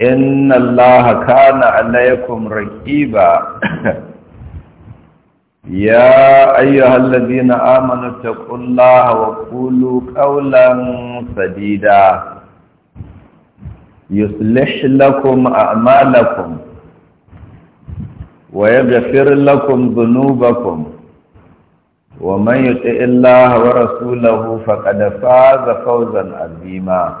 inna allaha kana alaykum raqiba ya ayyuhal ladina amanu taqullaha wa qulu qawlan sadida yuslih lakum a'malakum wa yaghfir lakum dhunubakum wa man yuti' wa rasulahu faqad faza fawzan 'azima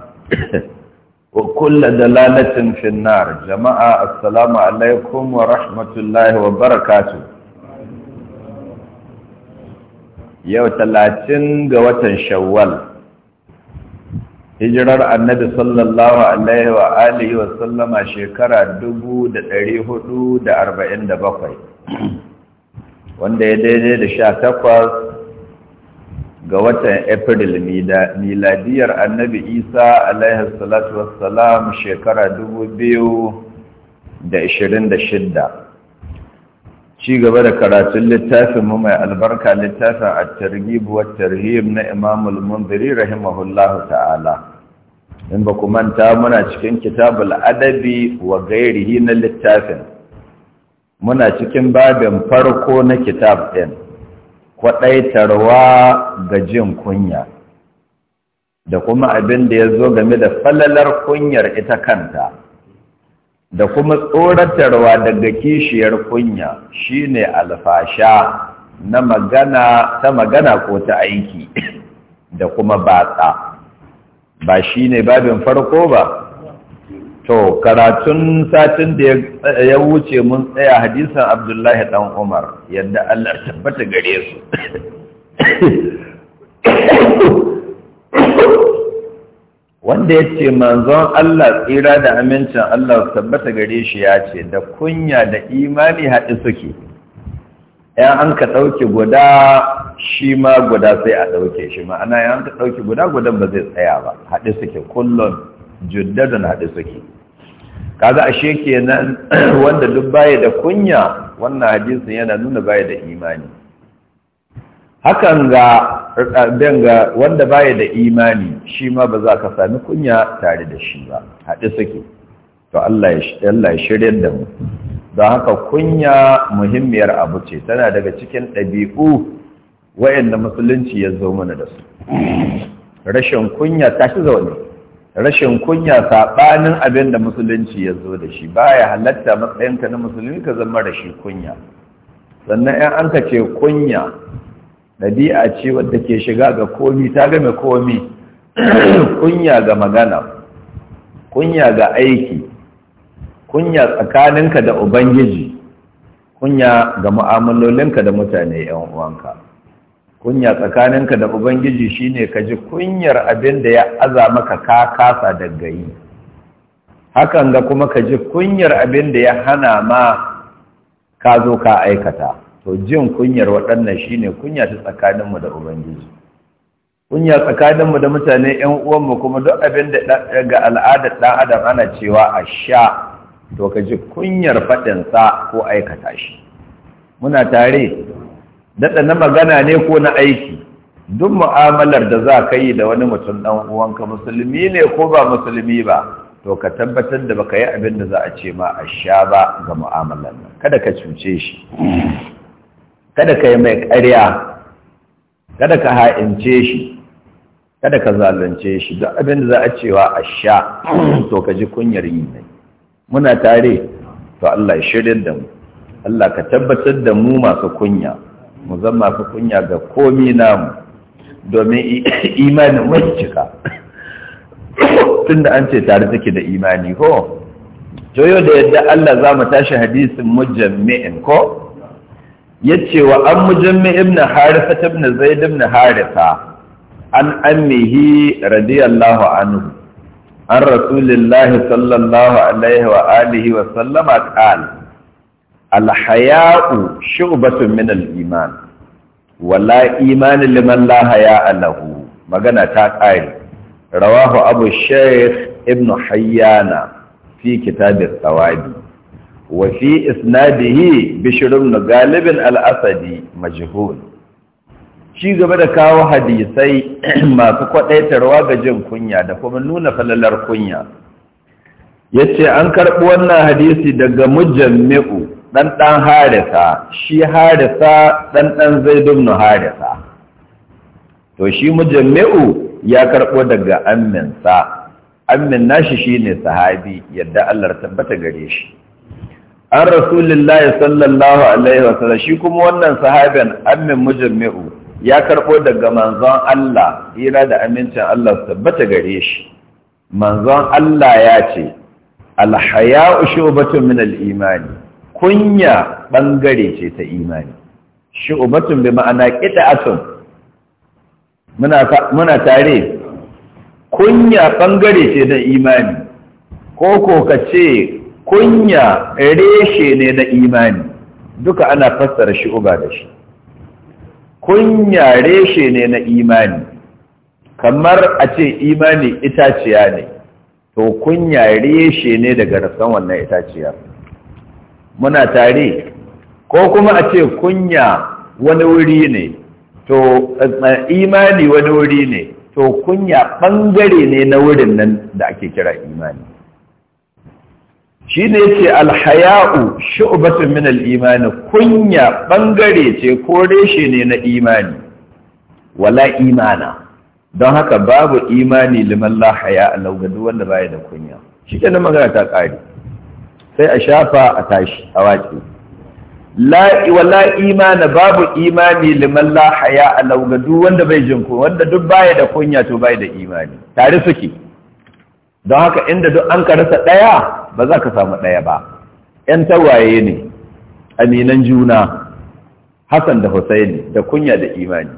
wa kulla dalalatin finnar jama'a assalamu alaikum wa rahmatullahi wa barakatu yau talatin ga watan shawwal hijirar annabi sallallahu alaihi wa alihi wa sallama shekara dubu da dari hudu da arba'in da bakwai wanda ya daidai da sha takwas ga watan April miladiyar annabi Isa alaihi salatu wassalam shekara 2026 ci gaba da karatun littafin mu mai albarka littafin at-targhib wa na Imam al rahimahullahu ta'ala in ba ku manta muna cikin kitabul adabi wa gairihi na littafin muna cikin babin farko na kitab ɗin. kwaɗaitarwa ga jin kunya da kuma abin da ya zo game da falalar kunyar ita kanta da kuma tsoratarwa daga kishiyar kunya shi ne alfasha na magana ta magana ko ta aiki da kuma batsa ba shi ne babin farko ba to karatun satin da ya wuce mun tsaya hadisan abdullahi dan umar yadda allah tabbata gare su wanda ya ce manzon allah tsira da amincin allah tabbata gare shi ya ce da kunya da imani haɗi suke yan an ka ɗauke guda shi ma guda sai a ɗauke shi ma'ana yan an ka ɗauke guda gudan ba zai tsaya ba haɗi suke kullum na haɗe suke kaza ashe kenan wanda duk baya da kunya wannan hadisin yana nuna baya da imani hakan ga eh, danga wanda baya da imani shi ma ba za ka sami kunya tare da shi ba haɗe suke to Allah ya shirya da mu don haka kunya muhimmiyar abu ce tana daga cikin ɗabi'u wa'yanda musulunci ya zo mana da su rashin kunya ta shi zaune rashin kunya saɓanin abin da musulunci ya zo da shi ba ya halatta matsayinka na musulmi ka zama da shi kunya sannan ‘yan an ka ce kunya ɗabi'a ce wadda ke shiga ga komi ta game komi kunya ga magana kunya ga aiki kunya tsakaninka da ubangiji kunya ga mu'amalolinka da mutane ‘yan uwanka kunya tsakaninka da ubangiji shine ka ji kunyar abin da ya aza maka ka kasa daga yi hakan ga kuma ka ji kunyar abin da ya hana ma ka zo ka aikata to jin kunyar waɗannan shine kunya ta tsakaninmu da ubangiji kunya tsakaninmu da mutane ƴan uwanmu kuma duk abin da ga al'adar ɗan adam ana cewa a sha to ka ji kunyar faɗinsa ko aikata shi muna tare daɗa na magana ne ko na aiki duk mu'amalar da za ka yi da wani mutum ɗan uwanka musulmi ne ko ba musulmi ba to ka tabbatar da baka yi abin da za a ce ma a sha ba ga mu'amalar nan kada ka cuce shi kada ka yi mai ƙarya kada ka ha'ince shi kada ka zalunce shi duk abin da za a cewa a sha to ka ji kunyar yi ne muna tare to Allah ya shirya da mu Allah ka tabbatar da mu masu kunya mu zama masu kunya ga komi namu domin imanin mai cika tun da an ce tare take da imani ko joyo da yadda Allah za mu tashi hadisin mujammi'in ko yace wa an mujammi' ibn harisa ibn zaid ibn harisa an amihi radiyallahu anhu an rasulillahi sallallahu alaihi wa alihi wa sallama qala alhaya'u shu'batun min al-iman wala imani liman la haya'a lahu magana ta ƙare. rawahu abu shaykh ibn hayyana fi kitab al-thawabi wa fi isnadihi bishr ibn galib al-asadi majhul ci gaba da kawo hadisai masu kwadaitarwa ga jin kunya da kuma nuna falalar kunya yace an karɓi wannan hadisi daga mujammi'u Ɗanɗan harisa shi harisa ɗanɗan zai zaid harisa to shi mujammi'u ya karɓo daga amminsa ammin nashi shi ne sahabi yadda Allah tabbata gare shi an rasulullahi sallallahu alaihi wasallam shi kuma wannan sahabin ammin mujammi'u ya karɓo daga manzon Allah ira da amincin Allah tabbata gare shi manzon Allah ya ce alhaya'u shubatun min al-imani kunya ɓangare ce ta imani Shi shu'ubatun bi ma'ana qita'atun muna muna tare kunya ɓangare ce na imani ko ko ka ce kunya reshe ne na imani duka ana fassara shi Uba da shi kunya reshe ne na imani kamar a ce imani itaciya ne to kunya reshe ne daga rasan wannan itaciyar muna tare ko kuma a ce kunya wani wuri ne to eh, imani wani wuri ne to kunya ɓangare ne na wurin nan da ake kira imani shi ne ce alhaya'u shu'batun min al-imani kunya ɓangare ce ko reshe ne na imani wala imana don haka babu imani liman la a laugadu wanda baya da kunya shi ke magana ta ƙari sai a shafa a tashi a wace wala imana babu imani liman la haya laugadu wanda bai jin ku wanda duk baya da kunya to baya da imani tare suke don haka inda duk an ka rasa daya ba za ka samu daya ba yan tawaye ne aminan juna Hassan da Husaini da kunya da imani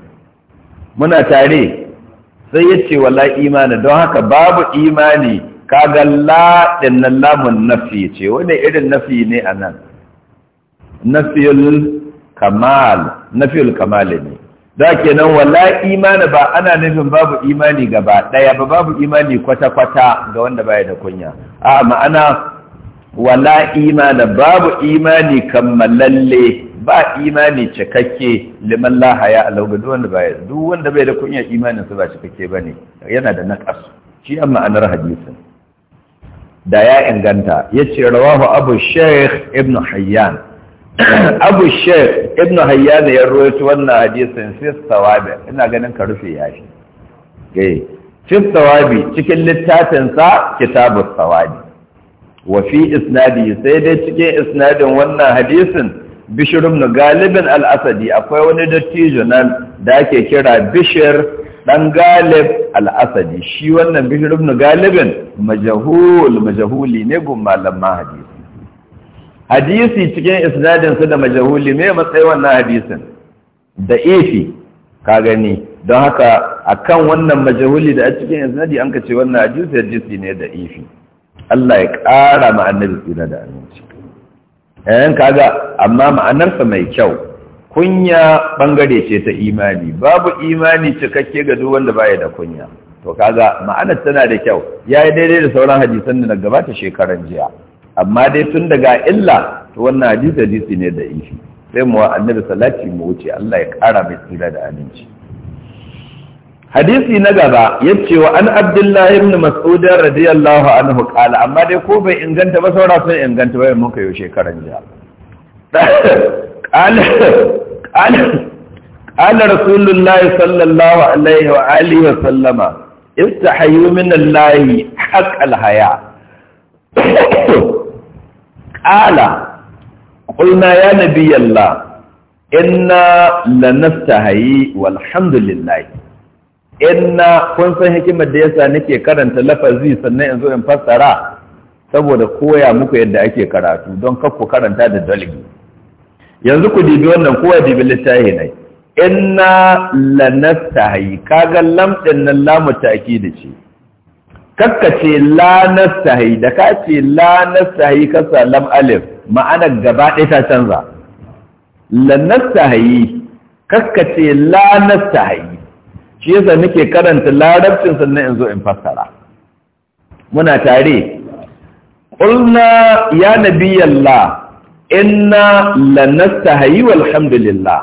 muna tare sai yace wala imana don haka babu imani kaga la din nan lamun nafi ce wani irin nafi ne nan? nafiyul kamal nafiyul kamal ne da kenan wala imani ba ana nufin babu imani gaba daya ba babu imani kwata kwata ga wanda baya da kunya a ma'ana wala imani babu imani kammalalle ba imani cikakke liman la haya alau duk wanda baya duk wanda bai da kunya imanin sa ba cikakke bane yana da naqas shi amma anar hadisin da ya inganta yace rawahu abu sheikh ibn hayyan abu sheikh ibn hayyan ya rawaito wannan hadisin fi sawabi ina ganin ka rufe yashi eh fi cikin littafin sa kitabu sawabi wa fi isnadi sai dai cikin isnadin wannan hadisin bishir ibn galibin al-asadi akwai wani dattijo nan da ake kira bishiyar. dan galib al-asadi shi wannan bishir ibn galibin majahul majahuli ne gun malamma hadisi hadisi cikin isnadin da majahuli me matsayi wannan hadisin da ifi ka gani don haka akan wannan majahuli da a cikin isnadi an kace wannan hadisi hadisi ne da ifi Allah ya ƙara ma annabi tsira da aminci eh kaga amma ma'anarsa mai kyau kunya bangare ce ta imani babu imani cikakke ga duk wanda baya da kunya to kaga ma'anar tana da kyau yayi daidai da sauran hadisan da na gabata shekaran jiya amma dai tun daga illa to wannan hadisi hadisi ne da ishi sai mu annabi salati mu wuce Allah ya kara mai tsira da aminci hadisi na gaba yace wa an abdullahi ibn mas'ud radiyallahu anhu qala amma dai ko bai inganta ba saura sun inganta ba mun kai shekaran jiya ƙalar rasulullahi sallallahu alaihi wa alihi wa sallama istahayu minallahi haqqal haya qala qulna ya nabiyallah inna lanastahayi walhamdulillah inna kun san hikimar da yasa nake karanta lafazi sannan yanzu in fassara saboda koya muku yadda ake karatu don kar ku karanta da dalili yanzu ku dibi wannan kowa dibi littahi ne inna lanastahi kaga lam din nan lamu ta'kidi ce kakkace la da ka ce la nastahi ka sa lam alif ma'anar gaba ɗaya ta canza lanastahi nastahi kakkace la nastahi shi yasa nake karanta larabcin sannan in zo in fassara muna tare qulna ya nabiyallah inna lanastahi walhamdulillah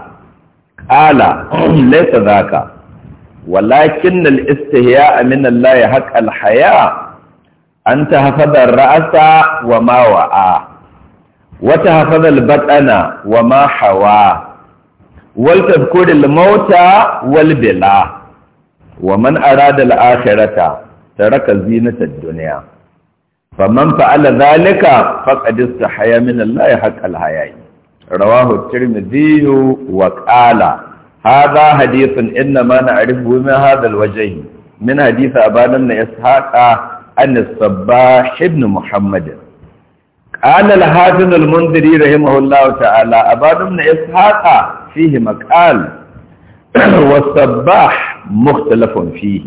ƙala laysa zaka walakin na istihya min Allah haqq al-haya anta hafadha ra'asa wa ma wa'a wata tahfadha al wa ma hawa wal tadhkur al-mauta wa man arada al-akhirata ta raka ad duniya. فمن فعل ذلك فقد استحيا من الله حق الحياء رواه الترمذي وقال هذا حديث إنما نعرفه من هذا الوجه من حديث ابان بن إسحاق عن الصباح بن محمد قال الحافظ المنذري رحمه الله تعالى ابان بن إسحاق فيه مقال والصباح مختلف فيه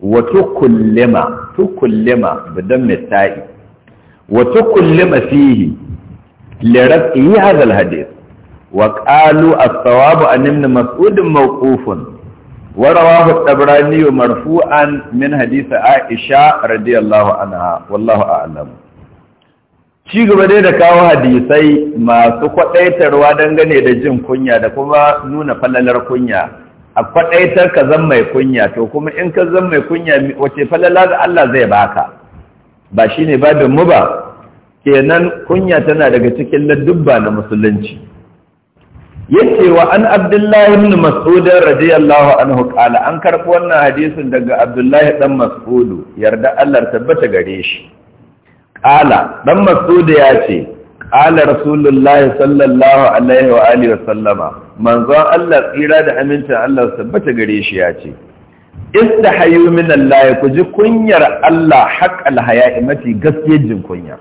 wa tukullima tukullima bidan misai wa tukullima fihi li rafi hazal al hadith wa qalu as-sawabu an ibn mas'ud mawqufun ورواه الطبراني مرفوعا من حديث عائشة رضي الله عنها والله أعلم ci gaba dai da kawo hadisai masu kwaɗaitarwa dangane da jin kunya da kuma nuna falalar kunya a faɗaitar ka zan mai kunya to kuma in ka zan mai kunya wace falala da Allah zai baka ba shi ne babin mu ba kenan kunya tana daga cikin ladubba na musulunci yace wa an abdullahi ibn mas'ud radiyallahu anhu qala an karɓi wannan hadisin daga abdullahi dan mas'ud yarda Allah tabbata gare shi qala dan mas'ud ya ce ala rasulullahi sallallahu alaihi wa alihi manzon Allah tsira da amincin Allah tabbata gare shi ya ce istahayu min Allah ku ji kunyar Allah haqqal haya'i mafi gaskiyar jin kunya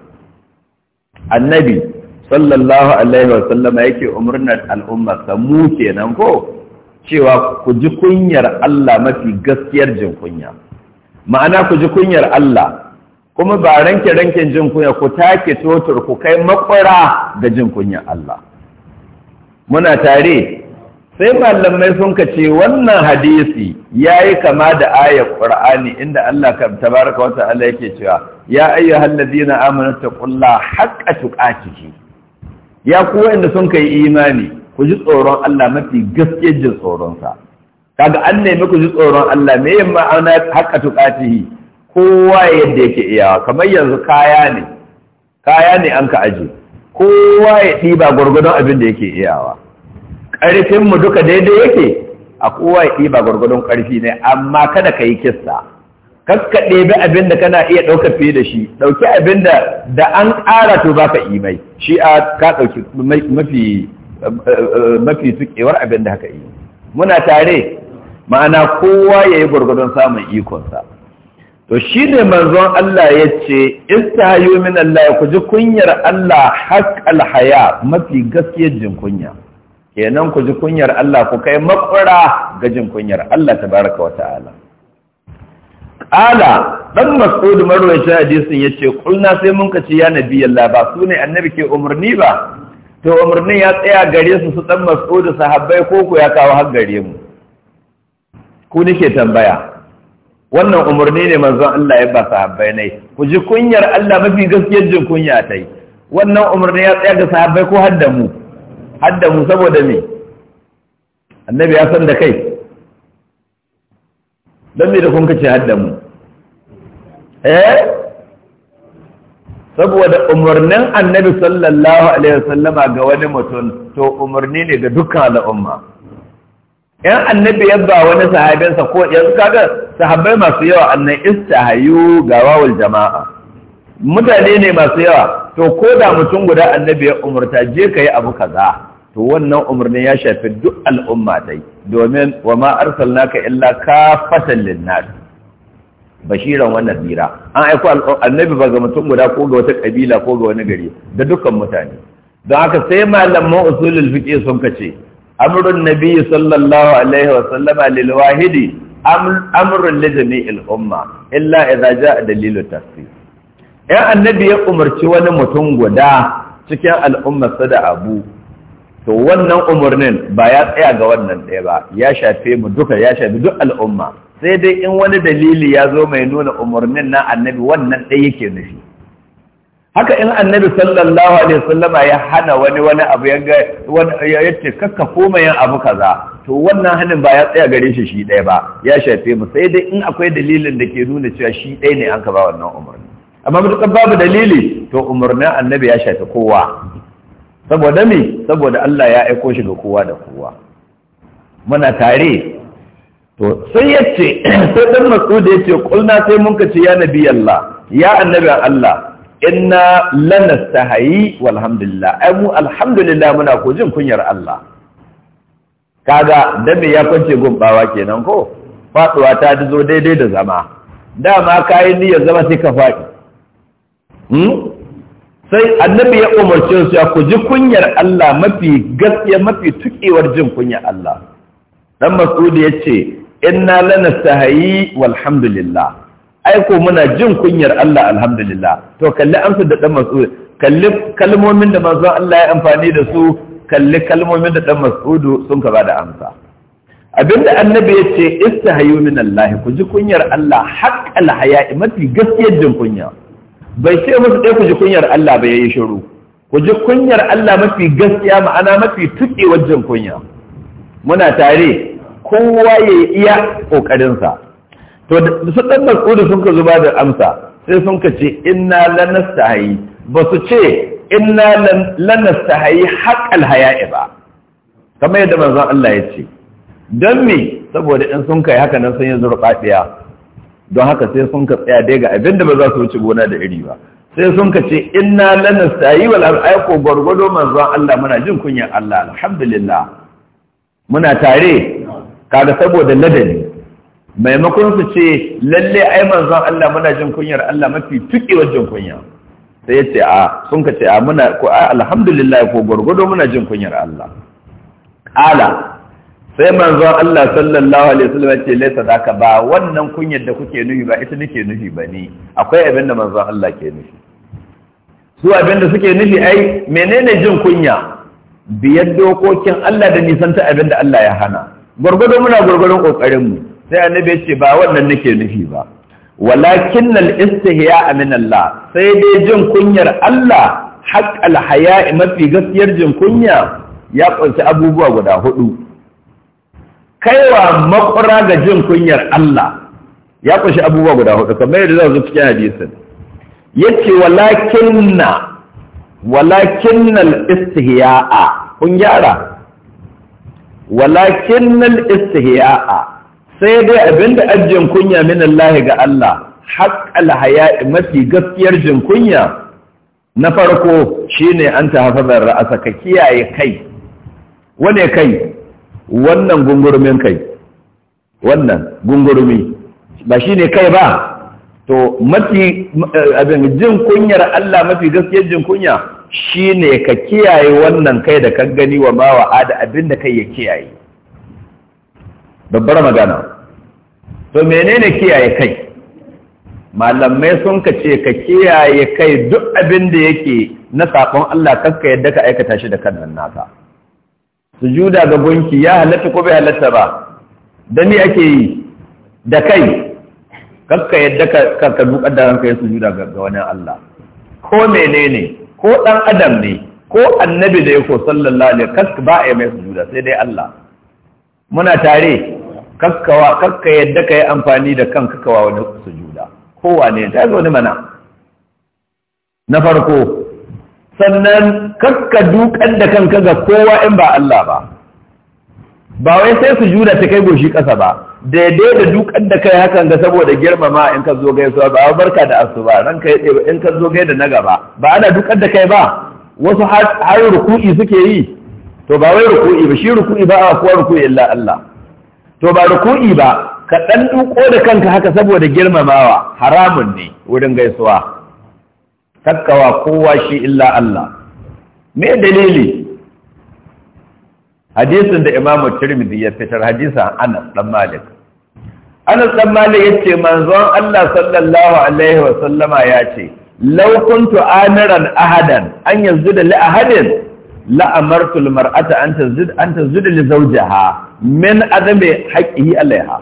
annabi sallallahu alaihi wa sallama yake umurnar al'umma mu kenan ko cewa ku ji kunyar Allah mafi gaskiyar jin kunya ma'ana ku ji kunyar Allah kuma ba ranke ranken jin kunya ku take totur ku kai makwara da jin kunya Allah muna tare sai malamai sun ka ce wannan hadisi yayi kama da ayar qur'ani inda Allah tabaraka wa ta'ala yake cewa ya ayyuhal ladina amanu taqullaha haqqa tuqatihi ya ku wanda sun kai imani ku ji tsoron Allah mafi gaskiyar jin tsoron sa kaga an nemi ku ji tsoron Allah me yamma ana haqqa tuqatihi kowa yadda yake iyawa kamar yanzu kaya ne kaya ne an ka aji kowa ya ɗiba gwargwadon abin da yake iyawa ƙarfinmu duka daidai yake a kowa ya ɗiba gwargwadon ƙarfi ne amma kada ka yi kista kaska ɗebi abin da kana iya ɗaukar fiye da shi ɗauki abin da da an ƙara to ba ka yi mai shi a ka ɗauki mafi mafi tukewar abin da haka yi muna tare ma'ana kowa ya yi gwargwadon samun ikonsa to shi ne manzon Allah ya ce hayo min Allah ku ji kunyar Allah haƙƙal haya mafi gaskiyar jin kunya kenan ku ji kunyar Allah ku kai makwara ga jin kunyar Allah tabaraka wa ta'ala ala dan Masudu marwayi hadisin ce, kulna sai mun kace ya nabi Allah ba su ne annabi ke umarni ba to umarnin ya tsaya gare su su dan Mas'udu sahabbai ko ya kawo har gare mu ku nake tambaya wannan umarni ne manzon Allah ya ba sahabbai ne ku ji kunyar Allah mafi gaskiyar jin kunya ta yi wannan umarni ya tsaya ga sahabbai ko da mu da mu saboda me annabi ya san da kai don me da kun kace da mu eh saboda umarnin annabi sallallahu alaihi wasallama ga wani mutum to umarni ne ga dukkan al'umma yan annabi ya wani sahabinsa ko yanzu kaga sahabbai masu yawa annan istahayu ga wawul jama'a mutane ne masu yawa to ko da mutum guda annabi ya umurta je ka yi abu kaza to wannan umarnin ya shafi duk al'umma yi. domin wa ma arsalnaka illa kafatan linnas bashiran wannan zira. an aiko annabi ba ga mutum guda ko ga wata kabila ko ga wani gari da dukkan mutane don haka sai malaman usulul fiqh sun kace amrun nabi sallallahu alaihi wa sallama lil wahidi amrun li jami'il umma illa idza jaa dalilu tafsir ya annabi ya umarci wani mutum guda cikin al'ummar sa da abu to wannan umarnin ba ya tsaya ga wannan ɗaya ba ya shafe mu duka ya shafi duk al'umma sai dai in wani dalili ya zo mai nuna umarnin na annabi wannan ɗaya yake nufi haka in annabi sallallahu alaihi wasallama ya hana wani wani abu ya ce kakka koma yin abu kaza to wannan hanin ba ya tsaya gare shi shi ɗaya ba ya shafe mu sai dai in akwai dalilin da ke nuna cewa shi ɗaya ne an ka ba wannan umarni amma mutukar babu dalili to umarnin annabi ya shafe kowa saboda me saboda Allah ya aiko shi ga kowa da kowa muna tare to sai yace sai dan Mas'ud yace kulna sai mun ka ce ya nabi Allah ya annabi Allah inna lanastahayi walhamdulillah ai mu alhamdulillah muna ko jin kunyar Allah kaga da me ya kwance gumbawa kenan ko faduwa ta zo daidai da zama dama kayi niyyar zama sai ka faɗi hmm? sai annabi ya umarce su ya ku ji kunyar Allah mafi gaskiya mafi tukewar jin kunyar Allah dan masudi yace inna lanastahayi walhamdulillah aiko muna jin kunyar Allah alhamdulillah to kalli amsa da dan mas'ud kalli kalmomin da manzon Allah ya amfani da su kalli kalmomin da dan mas'udu sun ka bada amsa abinda annabi ya ce istahayu min Allah ku ji kunyar Allah haqqal haya'i mafi gaskiyar jin kunya bai ce musu dai ku ji kunyar Allah ba yayi shiru ku ji kunyar Allah mafi gaskiya ma'ana mafi tuƙewar jin kunya muna tare kowa ya iya ƙoƙarinsa. sa to su dan da sun ka zuba da amsa sai sun ka ce inna hayi ba su ce inna hayi haƙal haya'i ba kamar yadda manzon Allah ya ce don me saboda in sun kai haka nan sun yi zurfafiya don haka sai sun ka tsaya dai ga abinda ba za su wuce gona da iri ba sai sun ka ce inna lanastahi wal aiko gwargwado manzon Allah muna jin kunyar Allah alhamdulillah muna tare kaga saboda ladabi maimakon su ce lalle ai manzon Allah muna jin kunyar Allah mafi tuki wajen kunya sai yace a sun ka ce a muna ko a alhamdulillah ko gurgudo muna jin kunyar Allah ala sai manzon Allah sallallahu alaihi wasallam ce laisa zaka ba wannan kunyar da kuke nufi ba ita nake nufi bane akwai abin da manzon Allah ke nufi su abin da suke nufi ai menene jin kunya biyar dokokin Allah da ta abin da Allah ya hana gurgudo muna gwargwadon kokarin mu sai annabi ce ba wannan nake nufi ba walakin al-istihya min Allah sai dai jin kunyar Allah haqqal haya'i mafi gaskiyar jin kunya ya kunshi abubuwa guda hudu kaiwa makura ga jin kunyar Allah ya kunshi abubuwa guda hudu kamar yadda zan zo cikin hadisin yace walakinna walakin al istihya kun gyara walakin al-istihya'a sai dai abinda ajiyar kunya min Allah ga Allah haƙƙal haya mafi gaskiyar jin kunya na farko shine an ta hafazar ra'asa ka kiyaye kai wane kai wannan gungurumin kai wannan gungurumi ba shi ne kai ba to mafi abin jin kunyar Allah mafi gaskiyar jin kunya shine ka kiyaye wannan kai da kan gani wa mawa'ada da abinda kai ya kiyaye babbar magana to menene kiyaye kai malamai sun ka ce ka kiyaye kai duk abin da yake na saƙon Allah kanka yadda ka aikata shi da kannan naka sujuda ga gunki ya halatta ko bai halatta ba da ni ake yi da kai kanka yadda ka ka dukar da ranka sujuda ga wani Allah ko menene ko dan adam ne ko annabi da yake sallallahu alaihi wasallam ba ya mai sujuda sai dai Allah muna tare kakkawa kakka yadda ka yi amfani da kan kakawa wani sujuda ne ta zo ni mana na farko sannan kakka dukan da kanka ga kowa in ba Allah ba ba wai sai sujuda ta kai goshi ƙasa ba daidai da dukan da kai hakan ga saboda girmama in ka zo gaisuwa ba barka da asuba ranka ka yi in ka zo da na gaba ba ana dukan da kai ba wasu har ruku'i suke yi to ba wai ruku'i ba shi ruku'i ba a kuwa ruku'i illa Allah to ba ruku'i ba ka dan duko da kanka haka saboda girmamawa haramun ne wurin gaisuwa takkawa kowa shi illa Allah me dalili hadisin da Imam Tirmidhi ya fitar hadisin Anas dan Malik Anas dan Malik yace manzon Allah sallallahu alaihi wa sallama yace law kuntu amiran ahadan an yanzu li ahadin la'amartul mar'ata an tazid an tazid li zawjiha min adami haqqihi alaiha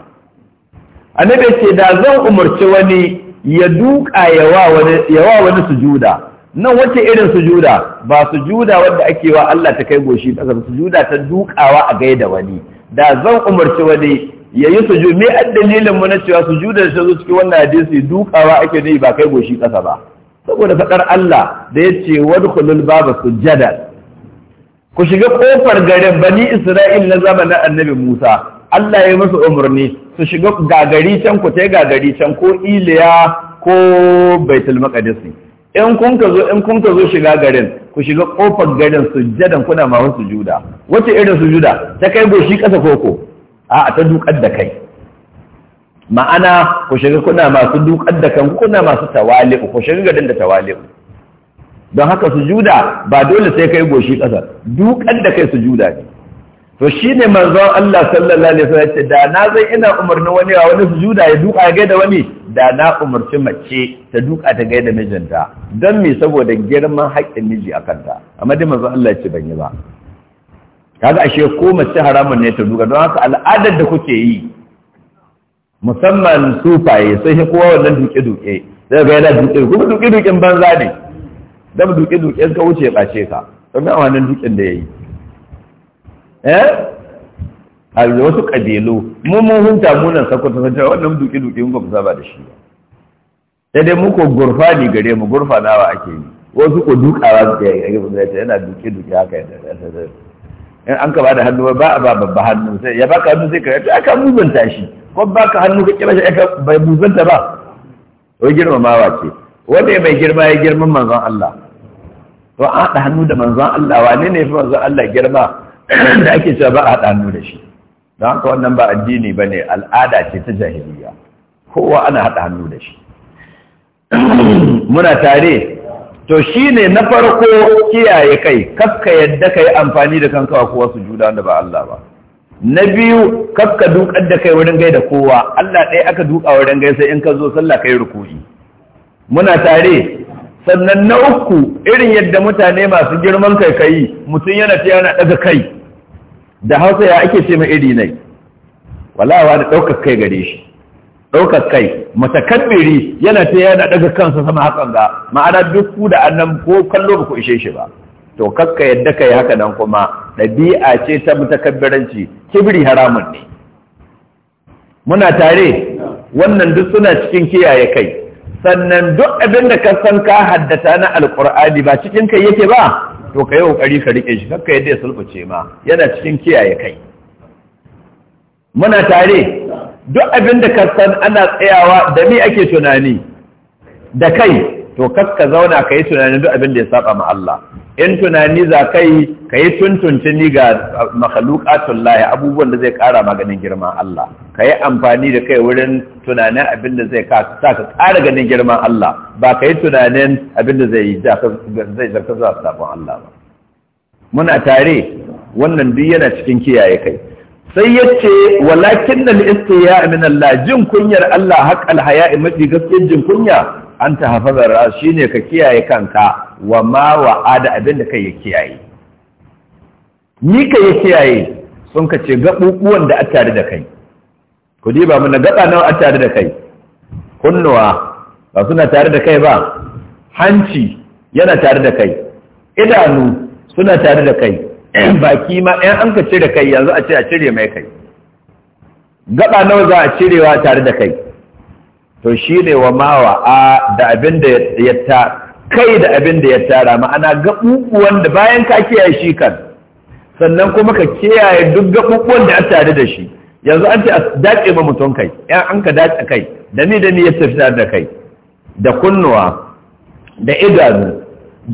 annabi ce da zan umarci wani ya duka wa wani yawa wani sujuda nan wace irin sujuda ba sujuda wanda ake wa Allah ta kai goshi ba sujuda ta dukawa a gaida wani da zan umarci wani yayi sujud me addalilin mu na cewa sujuda ta zo cikin wannan hadisi dukawa ake ne ba kai goshi kasa ba saboda faɗar Allah da yace wadkhulul baba sujada ku shiga kofar garin bani Isra'il na zamanin annabi Musa Allah ya yi musu umarni su shiga gagari can ku tai gagari can ko Iliya ko Baitul Maqdis in kun ka zo in kun ka zo shiga garin ku shiga kofar garin sujjadan kuna ma wasu juda wace irin sujuda ta kai goshi kasa koko a ta dukar da kai ma'ana ku shiga kuna masu dukar da kan kuna masu tawali'u ku shiga garin da tawali'u don haka sujuda ba dole sai kai goshi ƙasa dukan da kai sujuda ne to shine manzon Allah sallallahu alaihi wasallam ya da na zai ina umarni wani wa wani sujuda ya duka ya da wani da na umarci mace ta duka ta gaida mijinta don me saboda girman haƙƙin miji a kanta amma dai manzon Allah ya ce ban yi ba kaga ashe ko mace haramun ne ta duka don haka al'adar da kuke yi musamman sufaye sai kowa wannan duke-duke sai ga yana duke kuma duke-duken banza ne dama duke duke ka wuce bace ka to wannan duken da yayi eh a wasu kabilu mu mun hunta munan sakwata sakwata wannan duke duke mun ba da shi Da dai mu ko gurfa ne gare mu gurfa nawa ake yi wasu ko ba su yi ake fusa ta yana duke duke haka in an ka ba da hannu ba a ba babba hannu sai ya baka hannu sai ka yi aka muzanta shi ko baka hannu ka kira shi aka bai muzanta ba wai girmamawa ce wanda ya bai girma ya girman manzon Allah to an haɗa hannu da manzon Allah wane ne fi manzon Allah girma da ake cewa ba a haɗa hannu da shi don haka wannan ba addini ba ne al'ada ce ta jahiliya kowa ana haɗa hannu da shi muna tare to shi ne na farko kiyaye kai kafka yadda ka yi amfani da kanka wa kowa su juda da ba Allah ba na biyu kafka dukar da kai wurin gai da kowa Allah ɗaya aka duka wurin gai sai in ka zo sallah kai ruku'i muna tare sannan na uku irin yadda mutane masu girman kai kai mutum yana ta yana daga kai da hausa ya ake ce mai iri nai walawa da ɗaukar kai gare shi ɗaukar kai matakabbiri yana ta yana daga kansa sama hakan ga ma'ana duk ku da annan ko kallo ba ku ishe shi ba to kakka yadda kai haka nan kuma ɗabi'a ce ta mutakabbiranci kibri haramun ne muna tare wannan duk suna cikin kiyaye kai sannan duk abin da ka san ka haddata na alkur'ani ba cikin kai yake ba to ka yi ƙoƙari ka riƙe shi kakka yadda ya sulbuce ma yana cikin kiyaye kai muna tare duk abin da ka san ana tsayawa da me ake tunani da kai to kakka zauna ka yi tunanin duk abin da ya saba ma Allah in tunani za ka yi ka yi tuntuntuni ga makhluqatul abubuwan da zai kara maganin girman Allah ka yi amfani da kai wurin tunanin abin da zai sa ka ƙara ganin girman Allah ba ka yi tunanin abin da zai zarka zuwa sabon Allah ba muna tare wannan duk yana cikin kiyaye kai sai ya ce walakin nan ya amin Allah jin kunyar Allah alhaya in mafi gaskiyar jin kunya an ta zara. shi ne ka kiyaye kanka wa ma wa'ada abin da kai ya kiyaye ni ka yi kiyaye sun ka ce gaɓuɓuwan da a tare da kai ku diba na gaba nawa a tare da kai kunnuwa ba suna tare da kai ba hanci yana tare da kai idanu suna tare da kai baki ma ɗan an ka cire kai yanzu a ce a cire mai kai gaba nawa za a cirewa tare da kai to shi ne wa mawa a da abin da ya ta kai da abin da ya tara ma'ana gaɓuɓuwan da bayan ka kiyaye shi kan sannan kuma ka kiyaye duk gaɓuɓuwan da a tare da shi yanzu an ce a dace ma mutum kai yan an ka dace kai da ni da ni ya tafiya da kai da kunnuwa da idanu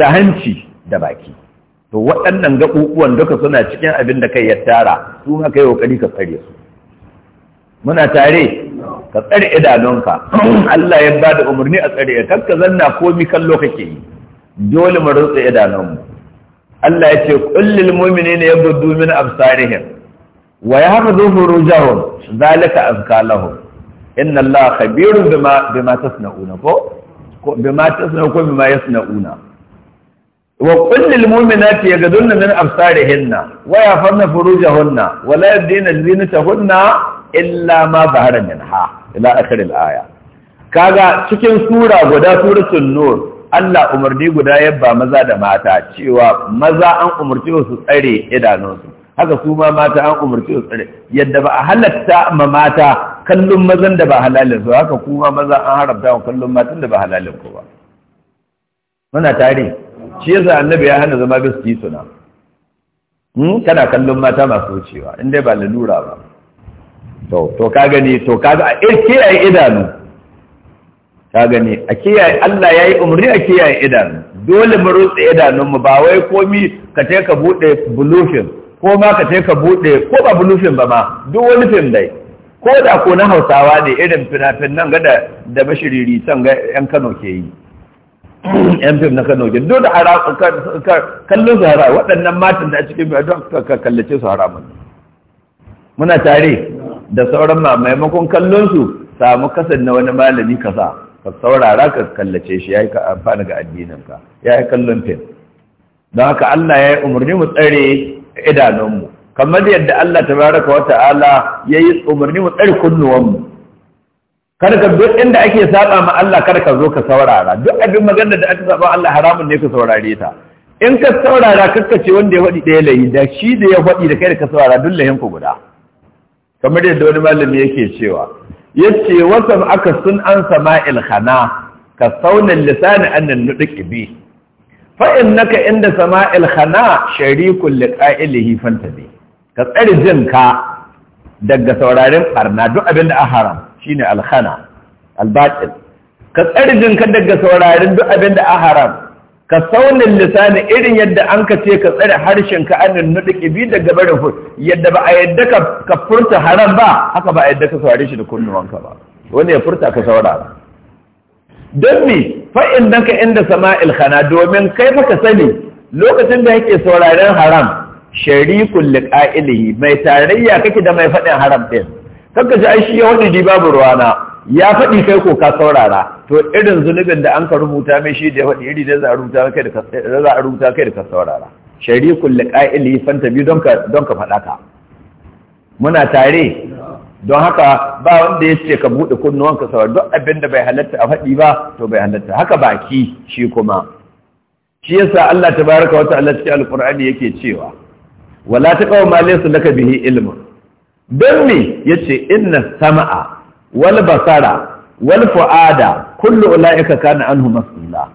da hanci da baki to waɗannan gaɓuɓuwan duka suna cikin abin da kai ya tara su ma kai ƙoƙari ka tsare su muna tare ka tsare idanunka Allah ya ba da umarni a tsare ka ka zanna komi kallo kake yi dole mu rutsa idanunmu Allah ya ce kullil mu'minina yaghuddu min absarihim ويحفظوا فروجهم ذلك أذكى لهم إن الله خبير بما بما تصنعون بما تصنعون بما يصنعون وقل للمؤمنات يغضن من أبصارهن ويحفظن فروجهن ولا يدين زينتهن إلا ما ظهر منها إلى آخر الآية kaga cikin sura guda suratul nur Allah umarni guda yabba maza da mata cewa maza an umarce su tsare idanunsu haka su ma mata an umarci su tsare yadda ba a halatta ma mata kallon mazan da ba halalin su haka kuma maza an haramta wa kallon matan da ba halalin ku ba muna tare shi yasa annabi ya hana zama bisu yi suna hmm? kana kallon mata masu wucewa in dai ba lalura ba to to ka gani to ka ga a kiyaye idanu ka gani a kiyaye Allah ya yi umarni a kiyaye idanu dole mu rutsa idanunmu ba wai komi ka ka buɗe bulufin ko ma ka ce ka buɗe ko ba bulufin ba ma duk wani fim dai ko da ko na hausawa ne irin finafin nan gada da mashiriri can ga yan kano ke yi yan fim na kano ke duk da kallon su haramun waɗannan matan da a cikin mai don ka kallace su haramun muna tare da sauran ma maimakon kallon su samu kasan na wani malami kasa ka saurara ka kallace shi yayi ka amfana ga Ya yayi kallon fim don haka Allah ya yi umarni mu tsare idanunmu kamar yadda Allah tabaraka wa ta'ala yayi umarni mu tsari kunnuwanmu kada ka duk inda ake saba ma Allah kar ka zo ka saurara duk abin maganar da aka saba Allah haramun ne ka saurare ta in ka saurara ce wanda ya faɗi ɗaya layi da shi da ya faɗi da kai da ka saurara duk layin ku guda kamar yadda wani malami yake cewa yace wasam aka sun an sama'il khana ka saunan lisani annan nuduki bi fa naka inda sama'il khana sharikul liqa'ilihi fantabi ka tsare ka daga sauraren barna duk abin da a haram shine alhana, albatil ka tsare ka daga sauraren duk abin da a haram ka saunin lisani irin yadda an ka ce ka tsare harshen ka annin nuduki da gaba da fur yadda ba a yadda ka furta haram ba haka ba a yadda ka saurari shi da kunnuwanka ba Wani ya furta ka saurara don me fa'in nan ka inda sama'il ilhana domin kai maka sani lokacin da yake sauraren haram sharikun liqa'ilihi mai tarayya kake da mai faɗin haram ɗin kanka ji aishi ya wani babu ruwana ya faɗi kai ko ka saurara to irin zunubin da an ka rubuta mai shi da faɗi iri da za a rubuta kai da ka saurara sharikun liqa'ilihi fanta biyu don ka faɗa ka muna tare don haka ba wanda ya ce ka buɗe kunnuwanka sauran duk abin da bai halatta a faɗi ba to bai halatta haka baki shi kuma shi yasa Allah tabaraka wa ta'ala cikin alqur'ani yake cewa wala taqaw ma laysa laka bihi ilmun dan me yace inna sama'a wal basara wal fuada kullu ulaika kana anhu mas'ula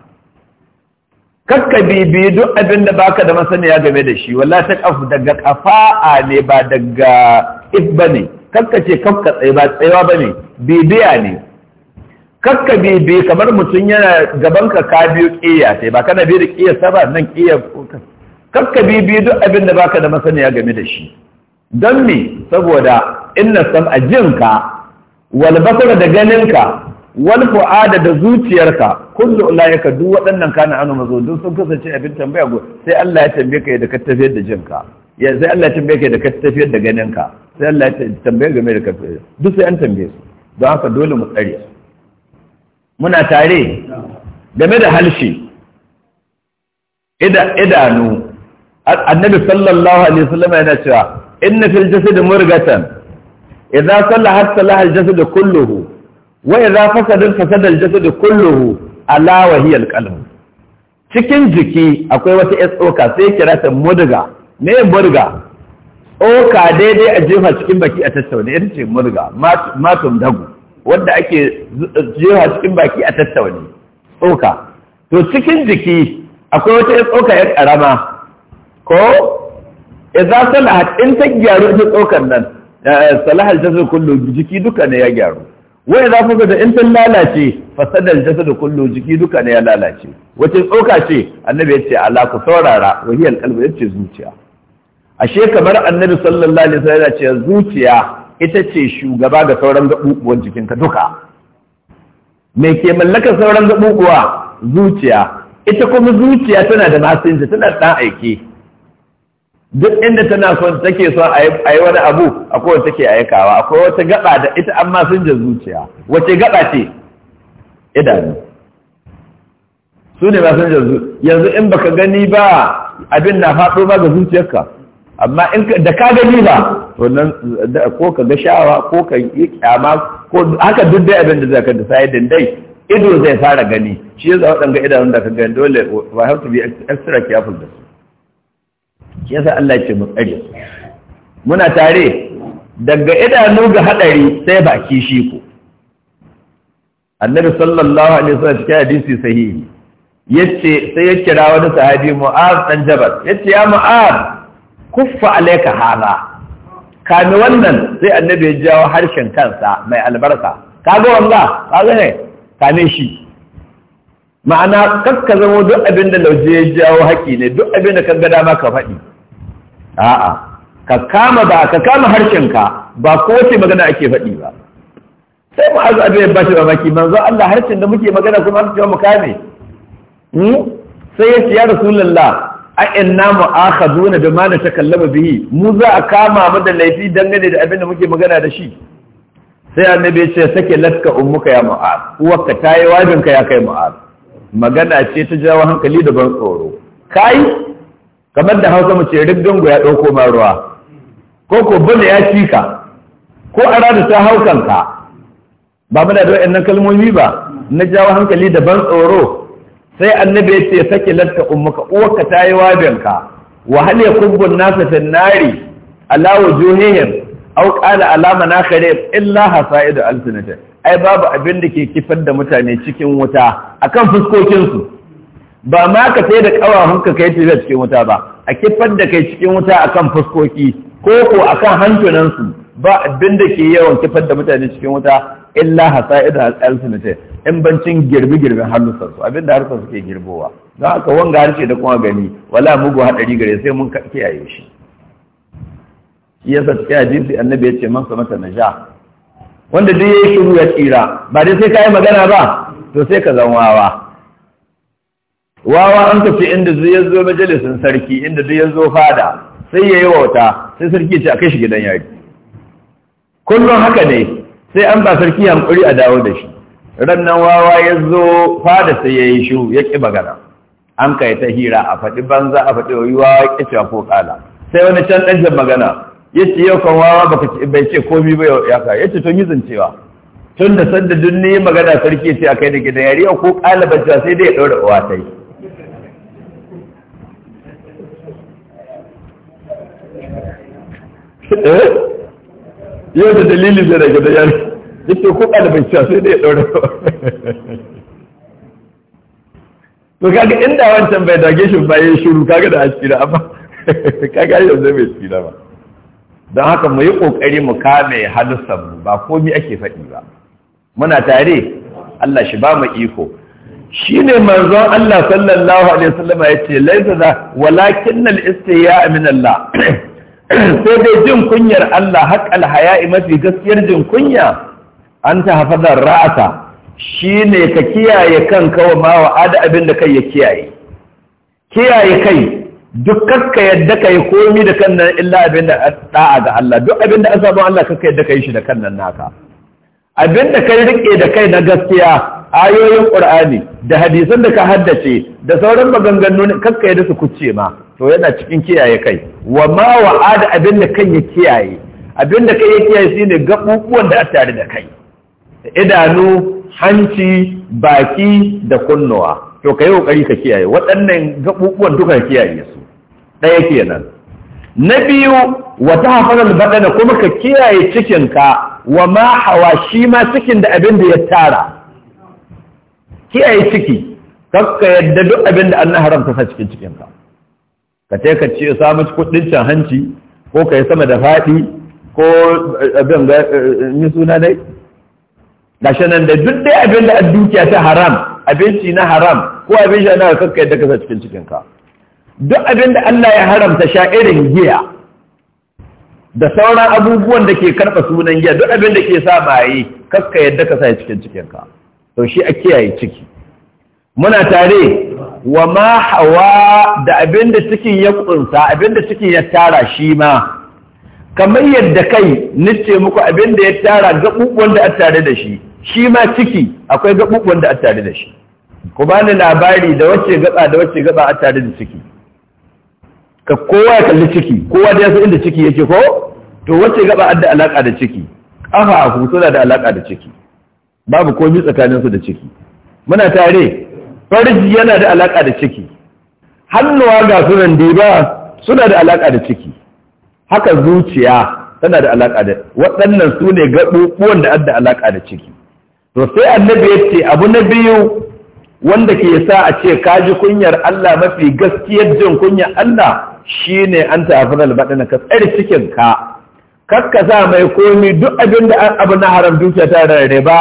kakka bibi duk abin da baka da masaniya game da shi wala kafu daga kafa'a ne ba daga ibba ne kakka ce kakka tsaye ba tsayewa ba ne bibiya ne kakka bibi kamar mutum yana gabanka ka biyu kiyya sai ba kana biyu da kiyya saba nan ƙiya kakka bibi duk abin da baka da masaniya game da shi don me saboda inna sam a jinka wal basara da ganinka wal fu'ada da zuciyarka kullu ulaika duk waɗannan kana anu mazo duk sun kasance abin tambaya go sai Allah ya tambaye ka da ka tafiyar da jinka ya sai Allah tambaye ka da ka tafiyar da ganin ka sai Allah tambaye game da ka duk sai an tambaye su don haka dole mu tsare muna tare game da halshe idanu annabi sallallahu alaihi wasallam yana cewa inna fil jasad murgatan idza salahat salaha al jasad kulluhu wa idza fasada fasada al jasad kulluhu ala wa hiya al qalb cikin jiki akwai wata tsoka sai kira ta mudga Ne murga oka daidai a jefa cikin baki a tattaune ita ce murga matum dagu wanda ake jefa cikin baki a tattaune tsoka to cikin jiki akwai wata tsoka ya karama ko za su na haɗin ta gyaru ta tsokan nan eh, salahar jasar kullu jiki duka ne ya gyaru za su fasada in sun lalace fasadar jasar kullu jiki duka ne ya lalace wace tsoka ce annabi ya ce ala ku saurara kalbi ya ce zuciya ashe kamar annabi sallallahu alaihi wasallam yana cewa zuciya ita ce shugaba ga sauran gabubuwan jikinka duka me ke mallakar sauran gabubuwa zuciya ita kuma zuciya tana da masinja tana da aike duk inda tana son take so a yi wani abu akwai wata take aikawa akwai wata gaba da ita an masinja zuciya wace gaba ce idanu su ne zuciya. yanzu in baka gani ba abin na faɗo ba ga zuciyarka amma in da ka gani ba wannan ko ka ga shawa ko ka yi kyama ko haka duk dai abin da zaka da sai dai ido zai fara gani shi yasa waɗanga idanun da ka gani dole we have to be extra careful da su shi yasa Allah ce mu tsare muna tare daga idanu ga hadari sai baki shi ku annabi sallallahu alaihi wasallam cikin hadisi sahihi yace sai ya kira wani sahabi mu'az dan jabal yace ya mu'az kuffa alaika hada kame wannan sai annabi ya jawo harshen kansa mai albarka kaga wanda kaga ne kame shi ma'ana kakka zama duk abin da lauje ya jawo haƙi ne duk abin da kan ga dama ka faɗi a'a ka kama ba ka kama harshenka ba ko wace magana ake faɗi ba sai mu azu abin bashi shi ba maki manzo Allah harshen da muke magana kuma an ce mu kame hmm? sai ya ce ya rasulullah a inna mu akhaduna bima ta takallama bihi mu za a kama mu da laifi dangane da abin da muke magana da shi sai annabi ya ce sake latka ummuka ya mu'az uwarka ta yi wajinka ya kai mu'az magana ce ta jawo hankali da ban tsoro kai kamar da hausa mu ce riddungu ya ɗauko ma ruwa ko ko bane ya cika ko a rada ta haukanka ba muna da wa'annan kalmomi ba na jawo hankali da ban tsoro sai annabi ya ce sake latta ummuka uwarka ta yi wabinka wa hal yakubbun nasa fi nari ala wujuhihim aw qala ala manakhirihim illa hasaidu alsinati ai babu abin da ke kifar da mutane cikin wuta akan fuskokin su ba ma ka sai da kawahunka kai tafiya cikin wuta ba a kifar da kai cikin wuta akan fuskoki ko ko akan hantunan su ba abin da ke yawan kifar da mutane cikin wuta illa hasa'id al-alsinati in bancin girbi girbi hallusan su abinda harsan suke girbowa don haka wanga harshe da kuma gani wala mugu haɗari gare sai mun kiyaye shi yasa tsaya jinsi annabi ya ce man samata ja wanda duk yi shiru ya tsira ba dai sai ka yi magana ba to sai ka zan wawa wawa an tafi inda zai ya zo majalisin sarki inda duk ya zo fada sai ya yi wauta sai sarki ce a kai shi gidan yari kullum haka ne sai an ba sarki hankuri a dawo da shi rannan wawa ya zo fada sai ya yi shu ya ƙi magana an kai ta hira a faɗi banza a faɗi wayuwa ya ƙi ko ƙala sai wani can ɗan magana ya ce yau kan wawa ba ka bai ce komi ba ya ka ya ce tun yi zancewa tun da sanda duk ne magana sarki ce a kai da gidan yari ko ƙala ba sai dai ya ɗaura uwa ta yi eh yau da dalili da daga da yar yake ko ɗalibin cewa sai da ya ɗaure to kaga inda wancan bai dage shi ba ya shiru kaga da askira amma kaga yau zai bai tsira ba don haka mu yi ƙoƙari mu kame halussan mu ba komi ake faɗi ba muna tare Allah shi ba mu iko shi ne manzon Allah sallallahu alaihi wasallam ya ce laisa za walakin al istiya min Allah sai dai jin kunyar Allah haƙal haya'i mafi gaskiyar jin kunya an ta da ra'asa shi ne ka kiyaye kan kawo ma abin da kai ya kiyaye kiyaye kai duk kaska yadda ka yi komi da kan nan illa abin da ɗa'a ga Allah duk abin da an samu Allah kaka yadda ka yi shi da kan nan naka abin da kai riƙe da kai na gaskiya ayoyin ƙur'ani da hadisan da ka haddace da sauran maganganu kaskaye yadda su kuce ma to yana cikin kiyaye kai wa ma wa'ada abin da kai ya kiyaye abin da kai ya kiyaye ne gabubuwan da a tare da kai idanu hanci baki da kunnuwa to ka yi kokari ka kiyaye waɗannan gabubuwan duka kiyaye su ɗaya kenan na biyu wa tahfazul badana kuma ka kiyaye cikin ka wa ma hawa shi ma cikin da abin da ya tara kiyaye ciki kakka yadda duk abin da Allah haramta sa cikin cikin ka ka ce ka ce samu kudin can hanci ko ka yi sama da faɗi ko eh, abin ga eh, ni suna dai gashi shanan da duk dai abin da dukiya ta haram abinci na haram ko abin shi na kakka da kasa cikin cikinka duk abin da Allah ya haramta sha irin giya da sauran abubuwan da ke karɓa sunan giya duk abin da ke sa maye kakka yadda kasa cikin cikinka to shi a kiyaye ciki muna tare wa ma hawa da abinda cikin ya kunsa abinda cikin ya tara shi ma kamar yadda kai nace muku abinda ya tara gabubuwan da a tare da shi shi ma ciki akwai gabubuwan da a tare da shi ku bani labari da wacce gaba da wacce gaba a tare da ciki ka kowa ya kalli ciki kowa da yasa inda ciki yake ko to wacce gaba da alaka da ciki kafa ku suna da alaka da ciki babu komai tsakaninsu da ciki muna tare farji yana da alaƙa da ciki hannuwa ga sunan diba suna da alaƙa da ciki haka zuciya tana da alaƙa da waɗannan su ne gaɓoɓuwan da adda alaƙa da ciki to sai annabi ya ce abu na biyu wanda ke sa a ce ka ji kunyar Allah mafi gaskiyar jin kunyar Allah shi ne an tafi albaɗina ka tsar cikin ka kakka sa mai komi duk abin da an abu na haram dukiya ta rarraba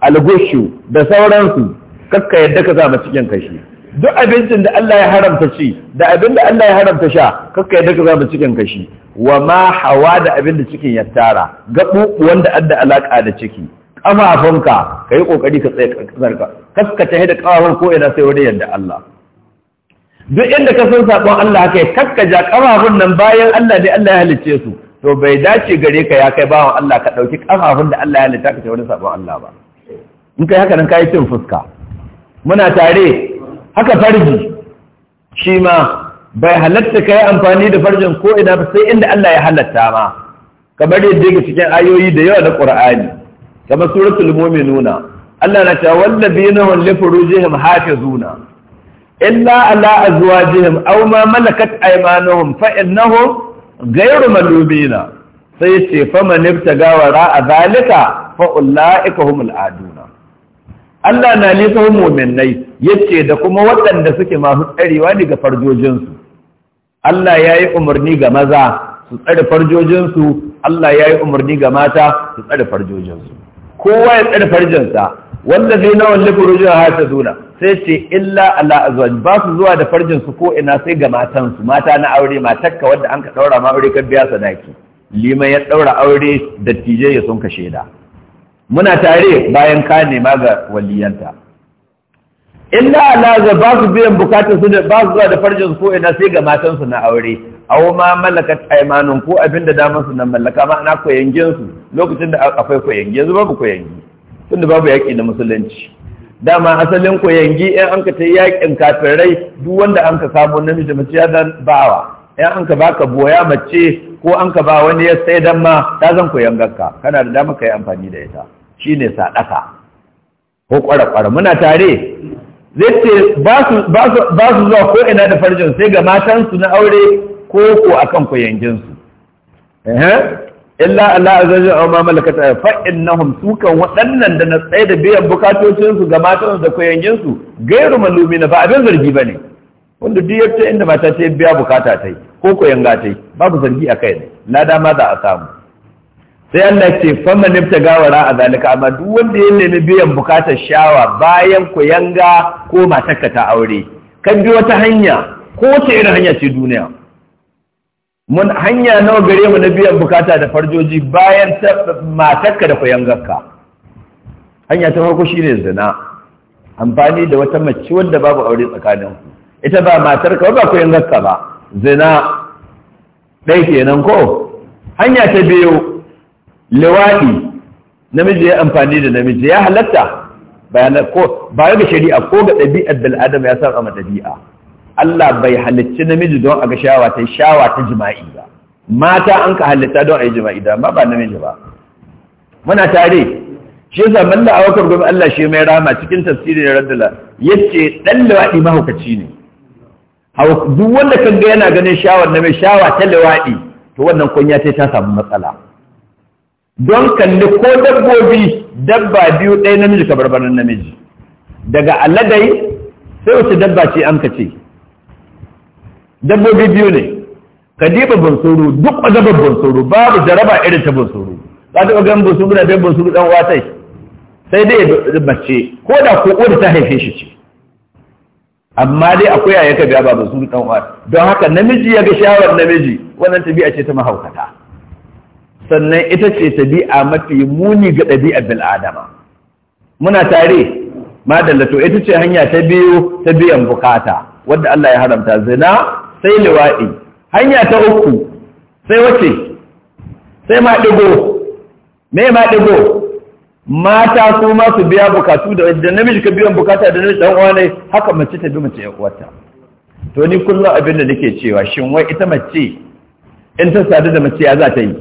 algushu da sauransu kakka yadda ka zama cikin kashi duk abincin da Allah ya haramta ci da abin da Allah ya haramta sha kakka yadda ka zama cikin kashi wa ma hawa da abin da cikin ya tara gabu wanda adda alaka da ciki ka kai kokari ka tsaye zarka kaska ta da kafafun ko ina sai wani yadda Allah duk inda ka san sakon Allah haka kaska ja kafafun nan bayan Allah ne Allah ya halicce su to bai dace gare ka ya kai bawan Allah ka dauki kafafun da Allah ya halitta ka ce wani sakon Allah ba in kai haka nan kai cin fuska muna tare haka farji shi ma bai halatta ka yi amfani da farjin ko ina ba sai inda Allah ya halatta ma kamar yadda yake cikin ayoyi da yawa na Qur'ani kamar suratul mu'minuna Allah na ta wallabina hum li furujihim hafizuna illa ala azwajihim aw ma malakat aymanuhum fa innahum ghayru malubina sai ce faman ibtaga wara zalika fa ulaika humul adu Allah na lisa ya yace da kuma waɗanda suke masu tsarewa ne ga farjojinsu Allah ya yi umarni ga maza su tsare farjojinsu Allah ya yi umarni ga mata su tsare farjojinsu kowa ya tsare farjinsa wanda zai na wallin furujin ta zuna sai ce illa ala azwaj ba su zuwa da farjinsu ko ina sai ga matansu mata na aure matakka wadda an ka ɗaura ma aure kan biya sadaki liman ya ɗaura aure dattijai ya sun ka shaida muna tare bayan ka nema ga waliyanta illa ala ba su biyan bukatar su da ba su zuwa da farjin ko ina sai ga matansu na aure aw ma malakat aymanun ko abinda daman su na mallaka ana koyangin su lokacin da akwai koyangi yanzu babu koyangi tunda babu yaki na musulunci dama asalin koyangi yan an ka ta yakin kafirai duk wanda an ka samu namiji mace ya dan bawa an ka baka boya mace ko an ka ba wani ya sai dan ma ta zan ka. kana da dama ka yi amfani da ita Shi ne sadaka ko kwara muna tare zai ce ba su zuwa ko ina da farjin sai ga matansu na aure ko ko a kan kuyanginsu illa Allah a zajin amma malakata fa'in na kan waɗannan da na tsaye da biyan bukatocinsu ga matansu da kuyanginsu gairu malumi na ba abin zargi ba ne wanda duk yadda inda mata ta biya bukata ta yi ko kuyanga ta yi babu zargi a kai ne na dama za a samu sai Allah ce fama nifta gawara a zalika amma duk wanda ya nemi biyan bukatar shawa bayan ku yanga ko matarka ta aure kan bi wata hanya ko ce irin hanya ce duniya mun hanya nawa gare mu na biyan bukata da farjoji bayan matarka da ku yangarka hanya ta farko shine zina amfani da wata mace wanda babu aure tsakanin ku ita ba matarka ba ku yangarka ba zina dai kenan ko hanya ta biyu liwaɗi namiji ya amfani da namiji ya halatta bayan da shari'a ko ga ɗabi'ar bil'adama ya saba ɗabi'a Allah bai halicci namiji don a ga shawa ta shawa ta jima'i ba mata an ka halitta don a yi jima'i da ma ba namiji ba muna tare shi yasa da awakar gobe Allah shi mai rama cikin tafsirin raddala yace dan lawadi mahaukaci ne duk wanda kan ga yana ganin shawar namiji shawa ta liwaɗi, to wannan kunya ta ta samu matsala don kalli ko dabbobi dabba biyu ɗaya namiji ka barbaran namiji daga alladai sai wace dabba ce an kace ce dabbobi biyu ne kadiba bunsuru duk zaba bunsuru babu jaraba irin ta bunsuru za ta ga bunsuru biyan bunsuru ɗan watai sai dai mace ko da ko da ta haife shi ce amma dai akwai a ka biya ba bunsuru ɗan watai don haka namiji ya ga shawar namiji wannan tabi'a ce ta mahaukata sannan ita ce tabi'a mafi muni ga ɗabi'ar bil'adama muna tare madalla to ita ce hanya ta biyu ta biyan bukata wadda Allah ya haramta zina sai liwa'i hanya ta uku sai wace sai ma ɗigo me ma ɗigo mata su ma su biya bukatu da wadda namiji ka biyan bukata da namiji ɗan uwa haka mace ta bi mace ya kuwata to ni kullum abin da nake cewa shin wai ita mace in ta sadu da mace ya za ta yi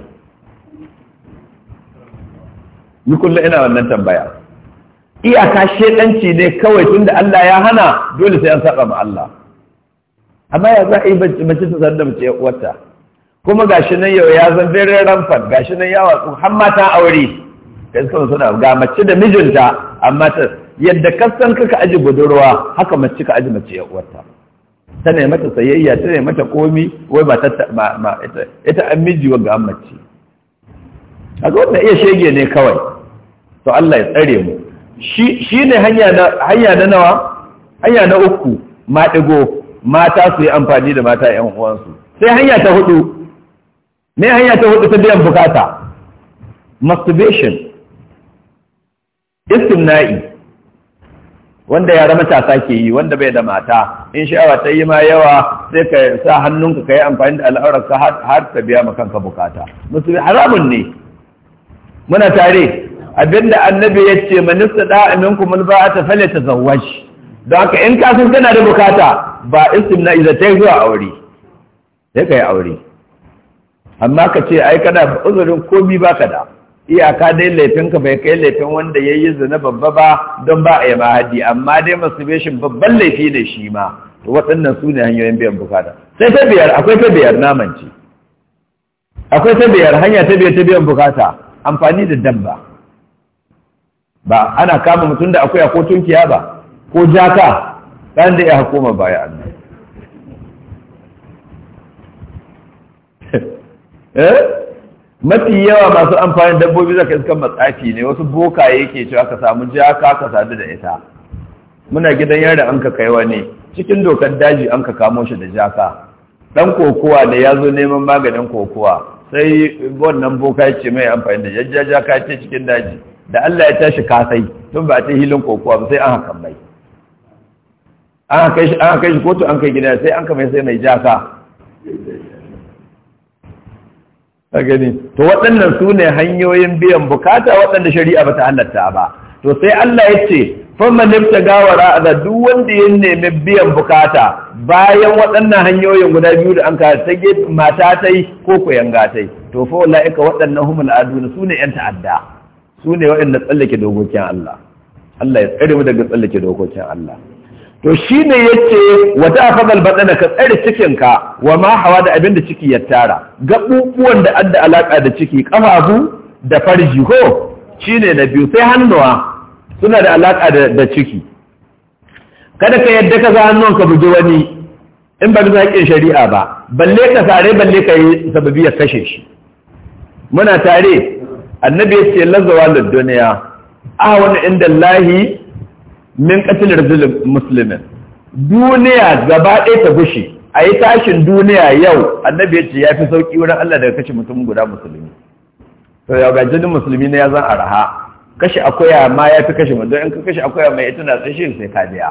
ni kullum ina wannan tambaya iyaka shedanci ne kawai tunda Allah ya hana dole sai an saba ma Allah amma ya za a yi mace ta sanda mace ya uwarta kuma gashi nan yau ya zan bere ramfan gashi nan yawa watsu har mata aure kai suka suna ga mace da mijinta amma ta yadda kasan kaka aji budurwa haka mace ka aji mace ya uwarta ta ne mata sayayya ta ne mata komi wai ba ta ita an miji wa ga mace a zo iya shege ne kawai to Allah ya tsare mu shi ne hanya na nawa hanya na uku maɗigo mata su yi amfani da mata ‘yan uwansu sai hanya ta hudu me hanya ta hudu ta biyan bukata masturbation istimna'i wanda yara matasa ke yi wanda bai da mata in sha'awa ta yi ma yawa sai ka sa hannunka ka yi amfani da al'aurarka har ta biya ma kanka bukata musulmi haramun ne muna tare abinda annabi ya ce manista da ku mun ba ta fale ta zawaj don haka in ka san kana da bukata ba istim na iza tai zuwa aure sai kai aure amma ka ce ai kana uzurin komi ba ka da iyaka dai laifinka bai kai laifin wanda ya yi zina babba ba don ba a yi mahadi amma dai masturbation babban laifi ne shi ma waɗannan su ne hanyoyin biyan bukata sai ta biyar akwai ta biyar namanci akwai ta biyar hanya ta biyar ta biyan bukata amfani da dabba ba ana kama mutum da akwai ko tunkiya ba ko jaka ɗan da ya hakoma baya Allah eh? mafi yawa masu amfani dabbobi zaka iskan matsafi ne wasu bokaye ke cewa ka samu jaka ka sadu da ita muna gidan yara an ka kaiwa ne cikin dokar daji an ka kamo shi da jaka dan kokowa da ya zo neman maganin kokowa sai wannan boka ce mai amfani da jajjaja ka ce cikin daji da Allah ya tashi kasai tun ba ta hilin kokowa ba sai an haka mai an kai shi kotu an kai gida sai an kamai sai mai jaka a gani to waɗannan su ne hanyoyin biyan bukata waɗanda shari'a ba ta halatta ba to sai Allah ya ce famma nifta gawara da duk wanda ya nemi biyan bukata bayan waɗannan hanyoyin guda biyu da an ka ta mata tai ko kuyanga tai to fa ika waɗannan humul aduna ne yan ta'adda su ne waɗanda tsallake dokokin Allah Allah ya tsare mu daga tsallake dokokin Allah to shi ne ya ce wata fagal badana ka tsare cikin ka wa ma hawa da abin da ciki ya tara gaɓuɓuwan da adda alaƙa da ciki ƙafafu da farji ko ne na biyu sai hannuwa suna da alaƙa da ciki kada ka yadda ka za hannun ka buji wani in ba bisa haƙƙin shari'a ba balle ka sare balle ka yi sababi ya kashe shi muna tare annabi ya ce lazawa da duniya a wani inda lahi min katilar musulmin duniya gaba ɗaya ta gushe a yi tashin duniya yau annabi ya ce ya fi sauƙi wurin Allah daga kashe mutum guda musulmi to ya ga jinin musulmi ne ya zan araha kashe akuya ma ya fi kashe wanda in ka kashe akuya mai ita na tsashi sai ka biya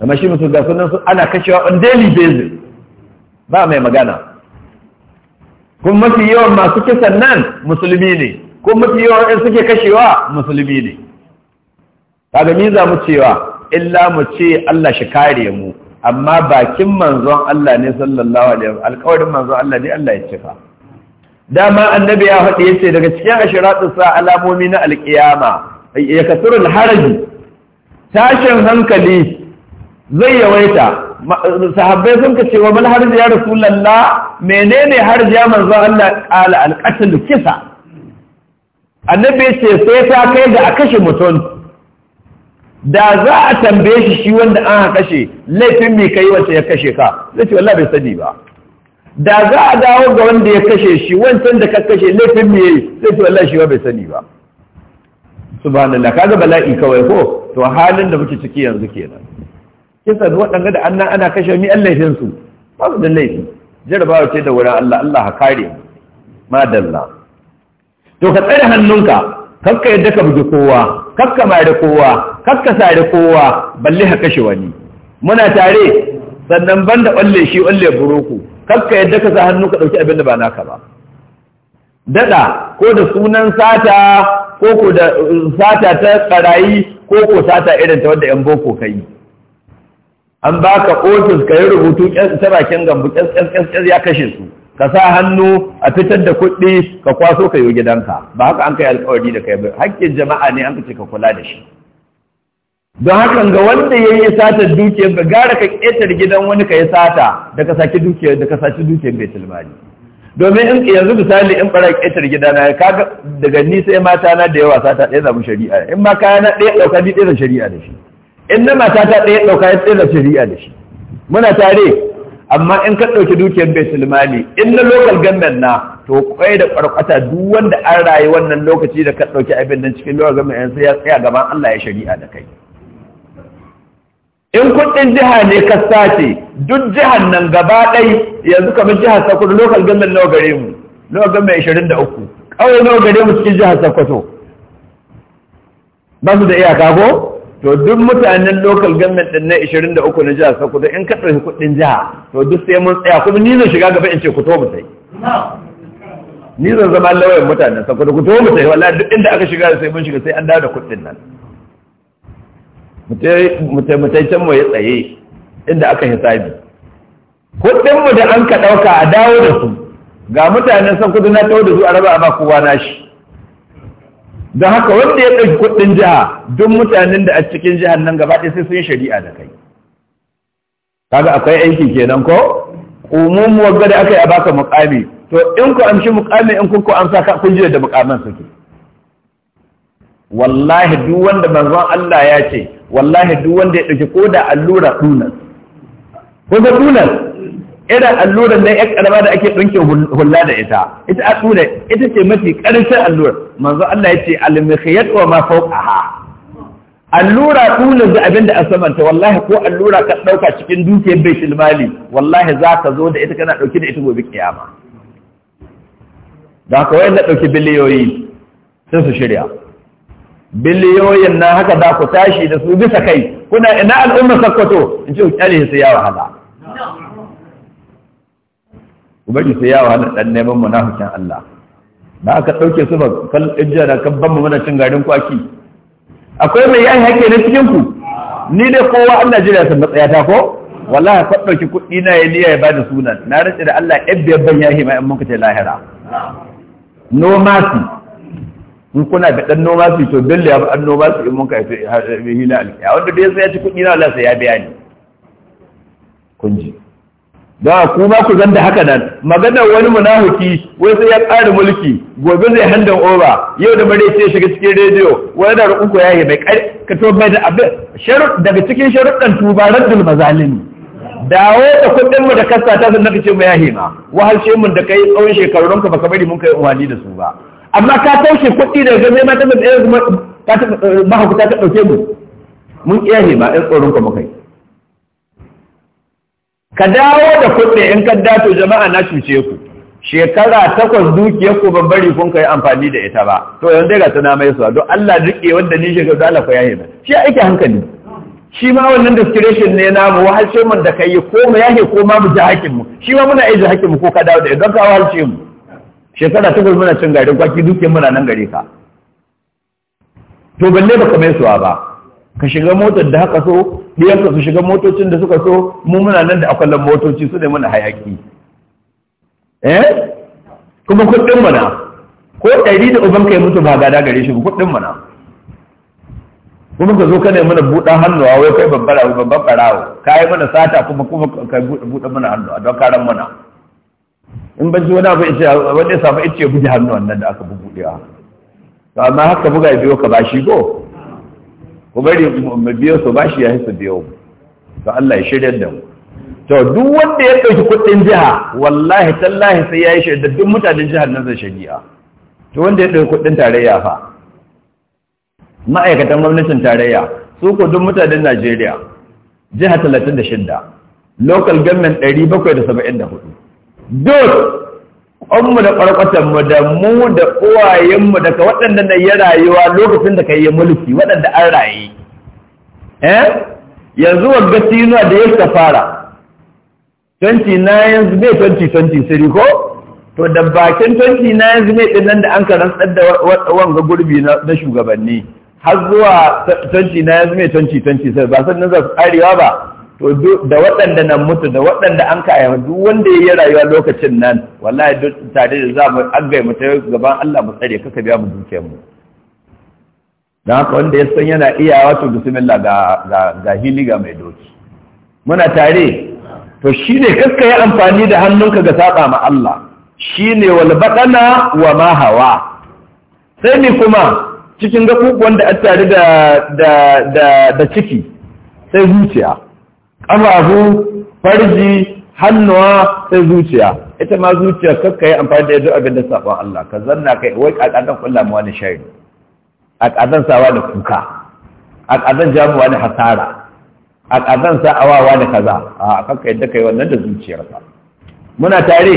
amma shi mutum ga sunan su ana kashewa on daily basis ba mai magana kuma mafi yawan masu kisan nan musulmi ne ko mafi yawan in suke kashewa musulmi ne kaga ni za mu cewa illa mu ce Allah shi kare mu amma bakin manzon Allah ne sallallahu alaihi wasallam alƙawarin manzon Allah ne Allah ya cika dama annabi ya faɗi yace daga cikin ashiratun sa alamomi na alƙiyama ya kasurul haraji tashin hankali zai yawaita sahabbai sun ka cewa mal harji ya rasulullah menene harji ya manzo Allah qala alqatl kisa annabi yace sai ta kai ga a kashe mutum da za a tambaye shi shi wanda an kashe laifin me kai wacce ya kashe ka zai ce wallahi bai sani ba da za a dawo ga wanda ya kashe shi wancan da ka kashe laifin me yayi sai to Allah shi ba bai sani ba subhanallah kaga bala'i kawai ko to halin da muke ciki yanzu kenan kisan waɗanda da annan ana kashe mi Allah ya su ba su da laifi jarabawa ce da wurin Allah Allah ha kare madalla to ka tsare hannunka kakka yadda ka bugi kowa kakka mare kowa kakka sare kowa balle ha kashe wani muna tare sannan banda ɓalle shi ɓalle buroku kakka yadda ka sa hannu ka ɗauki abin da ba naka ba daɗa ko da sunan sata ko ko da eh, sata ta karayi, ko ko sata irin ta wadda 'yan boko ka yi an baka ofis ka yi rubutu ta bakin gambu ƙasƙasƙas ya kashe su ka sa hannu a fitar da kuɗi ka kwaso ka yi gidanka ba haka an kai alƙawari da kai ba hakkin jama'a ne an ka ce ka kula da shi don hakan ga wanda ya yi satar dukiyar ga gara ka ƙetar gidan wani ka yi sata da ka saki dukiyar da ka saki dukiyar bai tilmani domin in yanzu misali in ɓara ƙetar gida na daga ni sai mata na da yawa sata ɗaya zamu shari'a in ma kaya na ɗaya ɗauka ni ɗaya shari'a da shi in na mata ta ɗaya ɗauka ya ɗaya shari'a da shi muna tare amma in ka ɗauki dukiyar bai tilmani in na lokal gannan na to kwai da ƙwarƙwata duk wanda an rayu wannan lokaci da ka ɗauki abin nan cikin lokal gannan sai ya tsaya gaban Allah ya shari'a da kai in kudin jiha ne ka sace duk jihar nan gaba ɗai yanzu kamar jihar sokoto lokal gannan nawa gare mu nawa gannan ashirin da uku ƙauye nawa gare mu cikin jihar sokoto ba su da iyaka ko to duk mutanen lokal gannan ɗin na ashirin da uku na jihar sokoto in ka ɗauki kudin jiha to duk sai mun tsaya kuma ni zan shiga gaba in ce ku to mu sai ni zan zama lauyan mutanen sokoto ku to mu sai wallahi duk inda aka shiga sai mun shiga sai an dawo da kudin nan mutaimacen mu ya tsaye inda aka hisabi kudinmu da an ka ɗauka a dawo da su ga mutanen san kudu na tawo da su a raba a ba kowa nashi don haka wanda ya ɗauki kudin jiha duk mutanen da a cikin jihar nan gaba ɗaya sai sun yi shari'a da kai kaga akwai aiki kenan ko umumu wagga da aka yi a baka mukami to in ku amshi mukami in kun ku amsa ka kun jiya da su suke wallahi duk wanda manzon Allah ya ce wallahi duk wanda ya ɗauki ko da allura dunan, ko ga dunan irin allurar na yan karama da ake ɗinke hulla da ita ita a tura ita ce mafi ƙarshen allura manzo Allah ya ce al-mikhyat wa ma fawqaha allura tunan da abinda a samanta wallahi ko allura ka ɗauka cikin dukiyar baitul mali wallahi za ka zo da ita kana ɗauki da ita gobe kiyama da haka wayan da ɗauki biliyoyi sai su shirya biliyoyin nan haka za ku tashi da su bisa kai kuna ina al'umma sakkwato in ce ku kyale su ya wahala ubangi bari su ya wahala dan neman munafikin Allah na aka ɗauke su ba kan ijja da kan ban mana cin garin kwaki akwai mai yan hake na cikin ku ni da kowa Allah jira san matsaya ta ko wallahi ka ɗauki kuɗi na ya niyya ya bada sunan na rantsi da Allah ɗan biyar ban yahi ma mun ka ce lahira no mercy in kuna da dan noma su to dole ya an noma su in mun kai sai hila alkiya wanda dai sai ya ci kuɗi na Allah sai ya biya ni kun ji da ku ba ku zanda haka nan magana wani munafiki wai sai ya ƙara mulki gobe zai handan over yau da bare sai shiga cikin rediyo wani da ruku yayi mai ka to bai da abin sharu daga cikin sharuɗan dul mazalimi dawo da kudin mu da kasata ta zan nake ce mu yahi ma wahalshe mun da kai tsawon shekarun ka baka bari mun kai umarni da su ba amma ka taushe kuɗi da zai ma taɓa tsaye kuma eh, ku ta ɗauke mu mun iya ne ba ɗan tsoron muka yi ka dawo da kuɗi in ka dato jama'a na cuce ku shekara takwas dukiyar ku ban bari kun kai amfani da ita ba to yanzu ga tana mai suwa don Allah rike wanda ni shekaru da Allah ya yi shi ake hankali shi ma wannan destination ne mu wahalce mun da kai ko mu yahe ko ma mu ji hakkin mu shi ma muna aiki hakkin mu ko ka dawo da idan ka wahalce mu shekara ta muna cin gari kwaki duke muna nan gari ka to balle ka mai suwa ba ka shiga motar da haka so ɗiyanka su shiga motocin da suka so mu muna nan da akwallon motoci su ne muna hayaki eh kuma kuɗin mana ko ɗari da uban kai mutu ba gada gare shi kuɗin mana kuma ka zo ka ne mana buɗa hannuwa wai kai babbar babbar ɓarawo ka yi mana sata kuma kuma ka buɗe mana hannuwa don karan mana in ban ji wani abu ice wanda ya samu ya buge hannu wannan da aka bubudewa to amma haka buga ya biyo ka bashi go ku bari mu biyo su bashi ya hisa biyo mu to Allah ya shirya da mu to duk wanda ya ɗauki kuɗin jiha wallahi tallahi sai ya yi shirya duk mutanen jihar nan zai shari'a to wanda ya ɗauki kuɗin tarayya fa ma'aikatan gwamnatin tarayya su ko duk mutanen Najeriya jiha talatin da shida local government hudu. dot ƙwanmu da ƙwarƙwatanmu da mu da mu daga waɗanda na yi rayuwa lokacin da ka yi mulki waɗanda an raye eh yanzu wagga tinuwa da ya fara 29 may 2023 ko to da bakin 29 may ɗin nan da an karantsar da wanga gurbi na shugabanni har zuwa 29 may sai ba sannan za su arewa ba to da waɗanda nan mutu da waɗanda an kaya duk wanda ya yi rayuwa lokacin nan wallahi duk tare da za mu agai mu ta gaban Allah mu tsare kaka biya mu dukiyar mu dan haka wanda ya san yana iya wato bismillah ga ga ga hili ga mai doki muna tare to shine kaska yi amfani da hannunka ga saba ma Allah shine wal batana wa ma hawa sai ni kuma cikin gaku wanda a tare da da da ciki sai zuciya ƙafafu farji hannuwa sai zuciya ita ma zuciya kakka yi amfani da yadda abin da saɓon Allah ka zanna kai wai ƙaƙaɗan ƙulla ma wani a ƙaƙaɗan sawa da kuka a ƙaƙaɗan jamuwa da hasara a ƙaƙaɗan sa'awawa da kaza a kakka yadda kai wannan da zuciyarsa. muna tare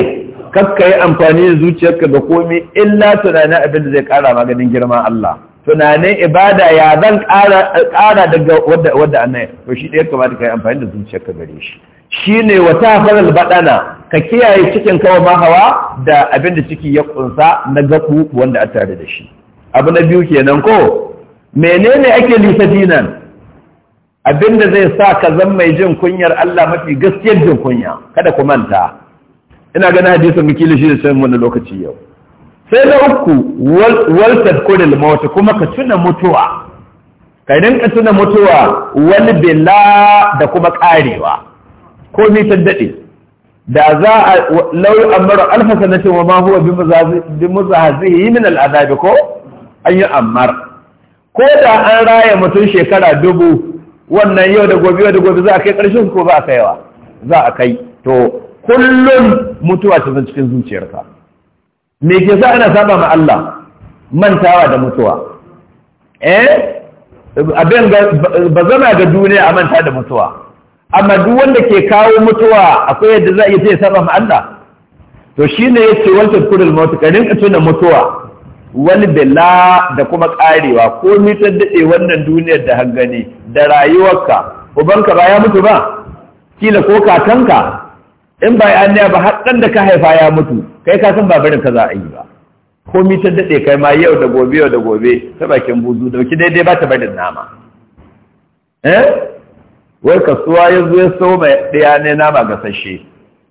kakka yi amfani da zuciyarka da komai illa tunanin abin da zai ƙara maganin girman Allah tunanin ibada ya zan kara daga wadda annai to shi ɗaya kamata ka yi amfani da zuciyar ka gare shi shi ne wata farar baɗana ka kiyaye cikin kawai hawa da abin da ciki ya ƙunsa na gaɓu wanda a tare da shi abu na biyu kenan ko menene ake lissafi nan abin da zai sa ka zan mai jin kunyar Allah mafi gaskiyar jin kunya kada ku manta ina ganin hadisin mikili shi da sayan wani lokaci yau sai na uku waltar kodin mawata kuma ka tuna mutuwa ka ka tuna mutuwa wani bela da kuma karewa ko ta daɗe da za a lauyi amara alfasa na cewa ma huwa bi muzahazi yi min al'adabi ko an yi amar ko da an raya mutum shekara dubu wannan yau da gobe yau da gobe za a kai ƙarshen ko ba a kaiwa za a kai to kullum mutuwa ta zan cikin zuciyarka me ke sa ana saba ma Allah mantawa da mutuwa eh abin ba zama ga duniya a manta da mutuwa amma duk wanda ke kawo mutuwa akwai yadda za a yi sai saba ma Allah to shine yace wancan kudul kadin ka tuna mutuwa wani bela da kuma karewa ko mitar dade wannan duniyar da hangane da rayuwarka ubanka ba ya mutu ba kila ko kakanka in ba ya ba har da ka haifa ya mutu kai ka san babarin ka za a yi ba ko mitar daɗe kai ma yau da gobe yau da gobe ta bakin buzu dauki daidai ba ta barin nama eh wai kasuwa ya zo ya sau mai ɗaya ne nama gasashe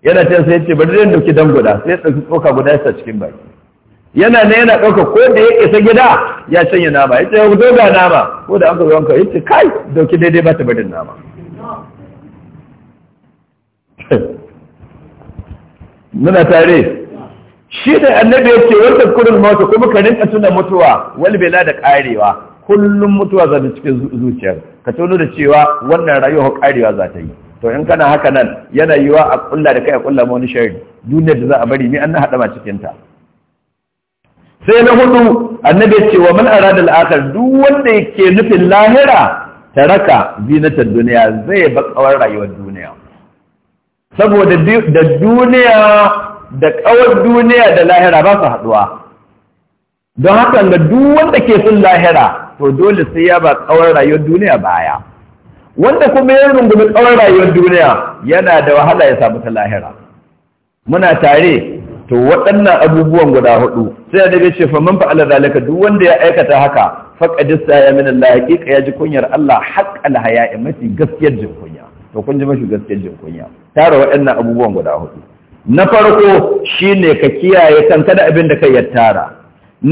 yana ta sai ce bari zan dauki dan guda sai ɗauki tsoka guda ya sa cikin baki yana ne yana ɗauka ko da ya isa gida ya canya nama ya ce ya ga nama ko da an ka wanka ya ce kai dauki daidai ba ta barin nama muna tare shi ne annabi ya ce wal tadkurul kuma ka rinka tuna mutuwa wal da karewa kullum mutuwa za ta cikin zuciyar ka tuno da cewa wannan rayuwar karewa za ta yi to in kana haka nan yana yiwa a kulla da kai a kulla wani shari duniya da za a bari ni an na hadama cikin ta sai na hudu annabi ya ce wa man arada al-akhir duk wanda yake nufin lahira taraka zinatar duniya zai bakawar rayuwar duniya saboda da duniya da kawar duniya da lahira ba su haɗuwa don haka da duk wanda ke son lahira to dole sai ya ba kawar rayuwar duniya baya wanda kuma ya rungumi kawar rayuwar duniya yana da wahala ya samu ta lahira muna tare to waɗannan abubuwan guda hudu sai da ce fa man fa'ala zalika duk wanda ya aikata haka faqadista ya min Allah haqiqa ya ji kunyar Allah haqqal haya'i mafi gaskiyar jin kunya to kun ji mashi gaskiyar jin kunya tare waɗannan abubuwan guda hudu na farko shine ka kiyaye kan kada abin da kai ya tara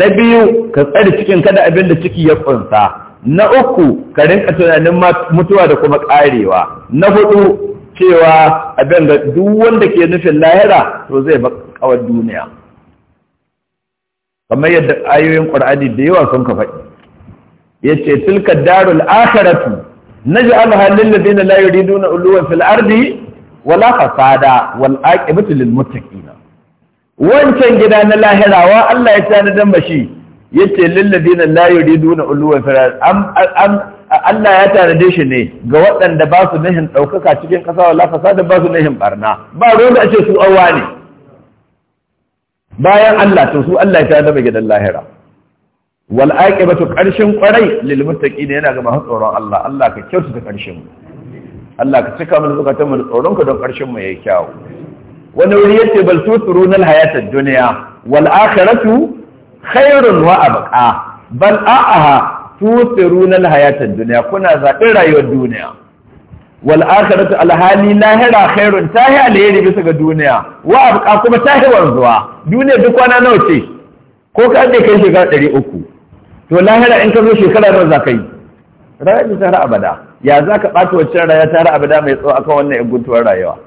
na biyu ka tsare cikin kada abin da ciki ya kunsa na uku ka rinka tunanin mutuwa da kuma karewa na hudu cewa abin da duk wanda ke nufin lahira to zai ba kawar duniya kamar yadda ayoyin qur'ani da yawa sun ka faɗi Yace tilka darul akhiratu naj'alha lil ladina la yuriduna uluwan fil ardi wala fasada wal aqibatu lil muttaqina wancan gida na wa Allah ya tana dan bashi yace lil ladina la yuriduna ulwa farar am am Allah ya tanade shi ne ga waɗanda ba su nihin ɗaukaka cikin ƙasa wala fasada ba su nihin barna ba ruwan da ce su awa ne bayan Allah to su Allah ya tana da gidan lahira wal aqibatu qarshin qarai lil muttaqina yana ga masu tsoron Allah Allah ka kyautata karshen mu Allah ka cika mana zukatan mu tsoron ka don karshen mu yayi kyau wani wuri yace bal tusrunal hayatad dunya wal akhiratu khairun wa abqa bal a'aha tusrunal hayatad dunya kuna zaɓin rayuwar duniya wal akhiratu alhali lahira khairun tahi alheri bisa ga duniya wa abqa kuma tahi wanzuwa duniya duk wani nawa ce ko ka da kai shekara uku? to lahira in ka zo shekara nawa za ka yi rayuwar ta har abada ya za ka ɓata waccan rayuwa tare abada mai tsawo akan wannan yan guntuwar rayuwa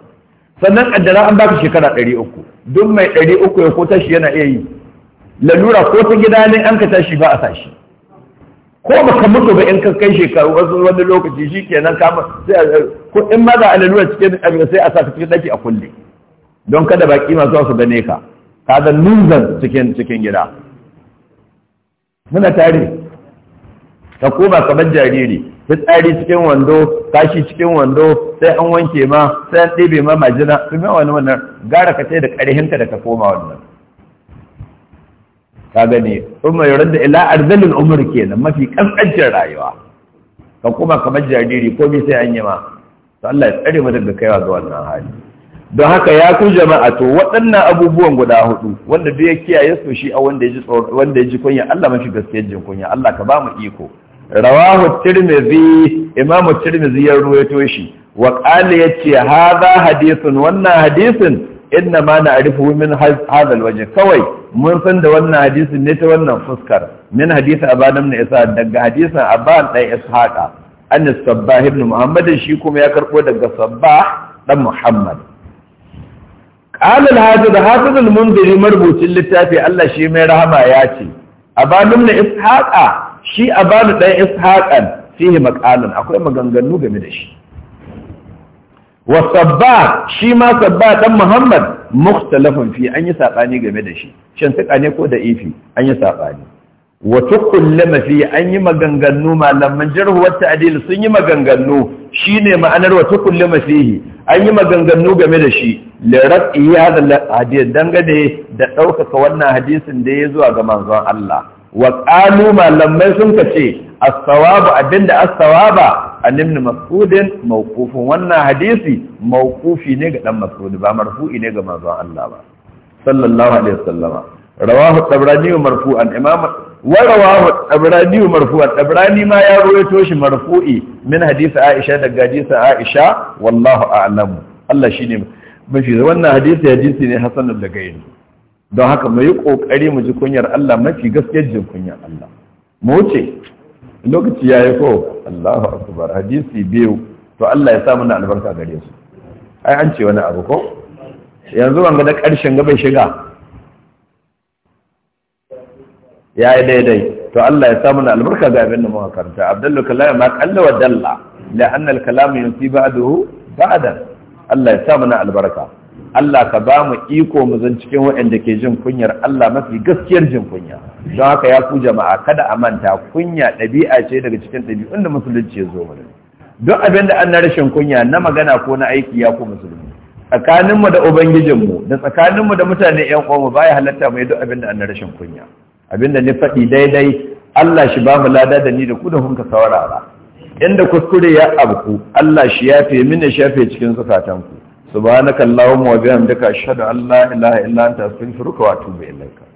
sannan addara an baka shekara ɗari uku duk mai ɗari uku ya ko tashi yana iya yi lalura ko ta gida ne an ka tashi ba a sashi ko ba ka mutu ba in ka kai shekaru wasu wani lokaci shi kenan kama sai a ko in ma za a lalura cikin abin sai a sa ka cikin ɗaki a kulle don kada baki masu su gane ka ka da nuzan cikin cikin gida muna tare ka koma kamar jariri fitsari cikin wando kashi cikin wando sai an wanke ma sai an ɗebe ma majina mai wani wannan gara ka ce da ƙarhinka da ka koma wannan ka gani kuma yaran da ila arzalin ke nan mafi ƙanƙancin rayuwa ka koma kamar jariri ko sai an yi ma to Allah ya tsare mu daga kaiwa ga wannan hali don haka ya ku jama'a to waɗannan abubuwan guda hudu wanda duk ya kiyaye su shi a wanda ya ji wanda ya ji kunya Allah mafi gaskiyar jin kunya Allah ka ba mu iko rawahu tirmidhi imamu tirmidhi ya ruwaito shi wa qala yace hadha hadithun wannan hadisin inna ma na'rifu min hadha alwajh kawai mun san da wannan hadisin ne ta wannan fuskar min hadisi aban ibn isa daga hadisin aban dan ishaqa an sabbah ibn muhammad shi kuma ya karbo daga sabbah dan muhammad qala al-hafiz hafiz al-munziri marbucin littafi Allah shi mai rahama ya ce aban ibn ishaqa shi a bani ɗan ishaƙan fihi maqalun akwai maganganu game da shi wa sabba shi ma sabba dan muhammad mukhtalafun fi an yi saɓani game da shi Shan tsakane ko da ifi an yi saɓani wa tukullama mafi an yi maganganu malaman jarhu wata adil sun yi maganganu ne ma'anar wa tukullama fihi an yi maganganu game da shi lirar iya hadha dangane da ɗaukaka wannan hadisin da ya zuwa ga manzon Allah wa qalu malamai sun ka ce sawabu abinda Asawaba a an ibn mas'udin mawqufun wannan hadisi maukufi ne ga ɗan mas'ud ba marfu'i ne ga manzon Allah ba sallallahu alaihi wasallama rawahu tabrani marfu'an imam wa rawahu tabrani marfu'an tabrani ma ya rawaito shi marfu'i min hadisi Aisha daga hadisi Aisha wallahu a'lamu Allah shine mafi wannan hadisi hadisi ne hasanul lagaini don haka mu yi ƙoƙari mu ji kunyar Allah mafi gaskiyar jin kunyar Allah mu wuce lokaci ya yi ko Allahu akbar hadisi biyu to Allah ya sa na albarka gare su ai an ce wani abu ko yanzu wanga da ƙarshen gaban shiga ya yi daidai to Allah ya sa na albarka ga abin da muka karanta Abdullahi kalam ma kalla wa dalla la anna al kalam yunsi ba'dahu ba'dan Allah ya sa na albarka Allah ka ba mu iko mu zan cikin waɗanda ke jin kunyar Allah mafi gaskiyar jin kunya don haka ya ku jama'a kada a manta kunya ɗabi'a ce daga cikin ɗabi'un da musulunci ya zo mana don abin da an rashin kunya na magana ko na aiki ya ku musulmi tsakaninmu da ubangijinmu da tsakaninmu da mutane ƴan ba baya halatta mu yi duk abin da an rashin kunya abin da ni faɗi daidai Allah shi ba mu lada da ni da ku da hunka saurara inda kuskure ya abku Allah shi yafe mini shafe cikin zukatanku subhanakallahumma wa bihamdika ashhadu an la ilaha illa anta astaghfiruka wa atubu ilaika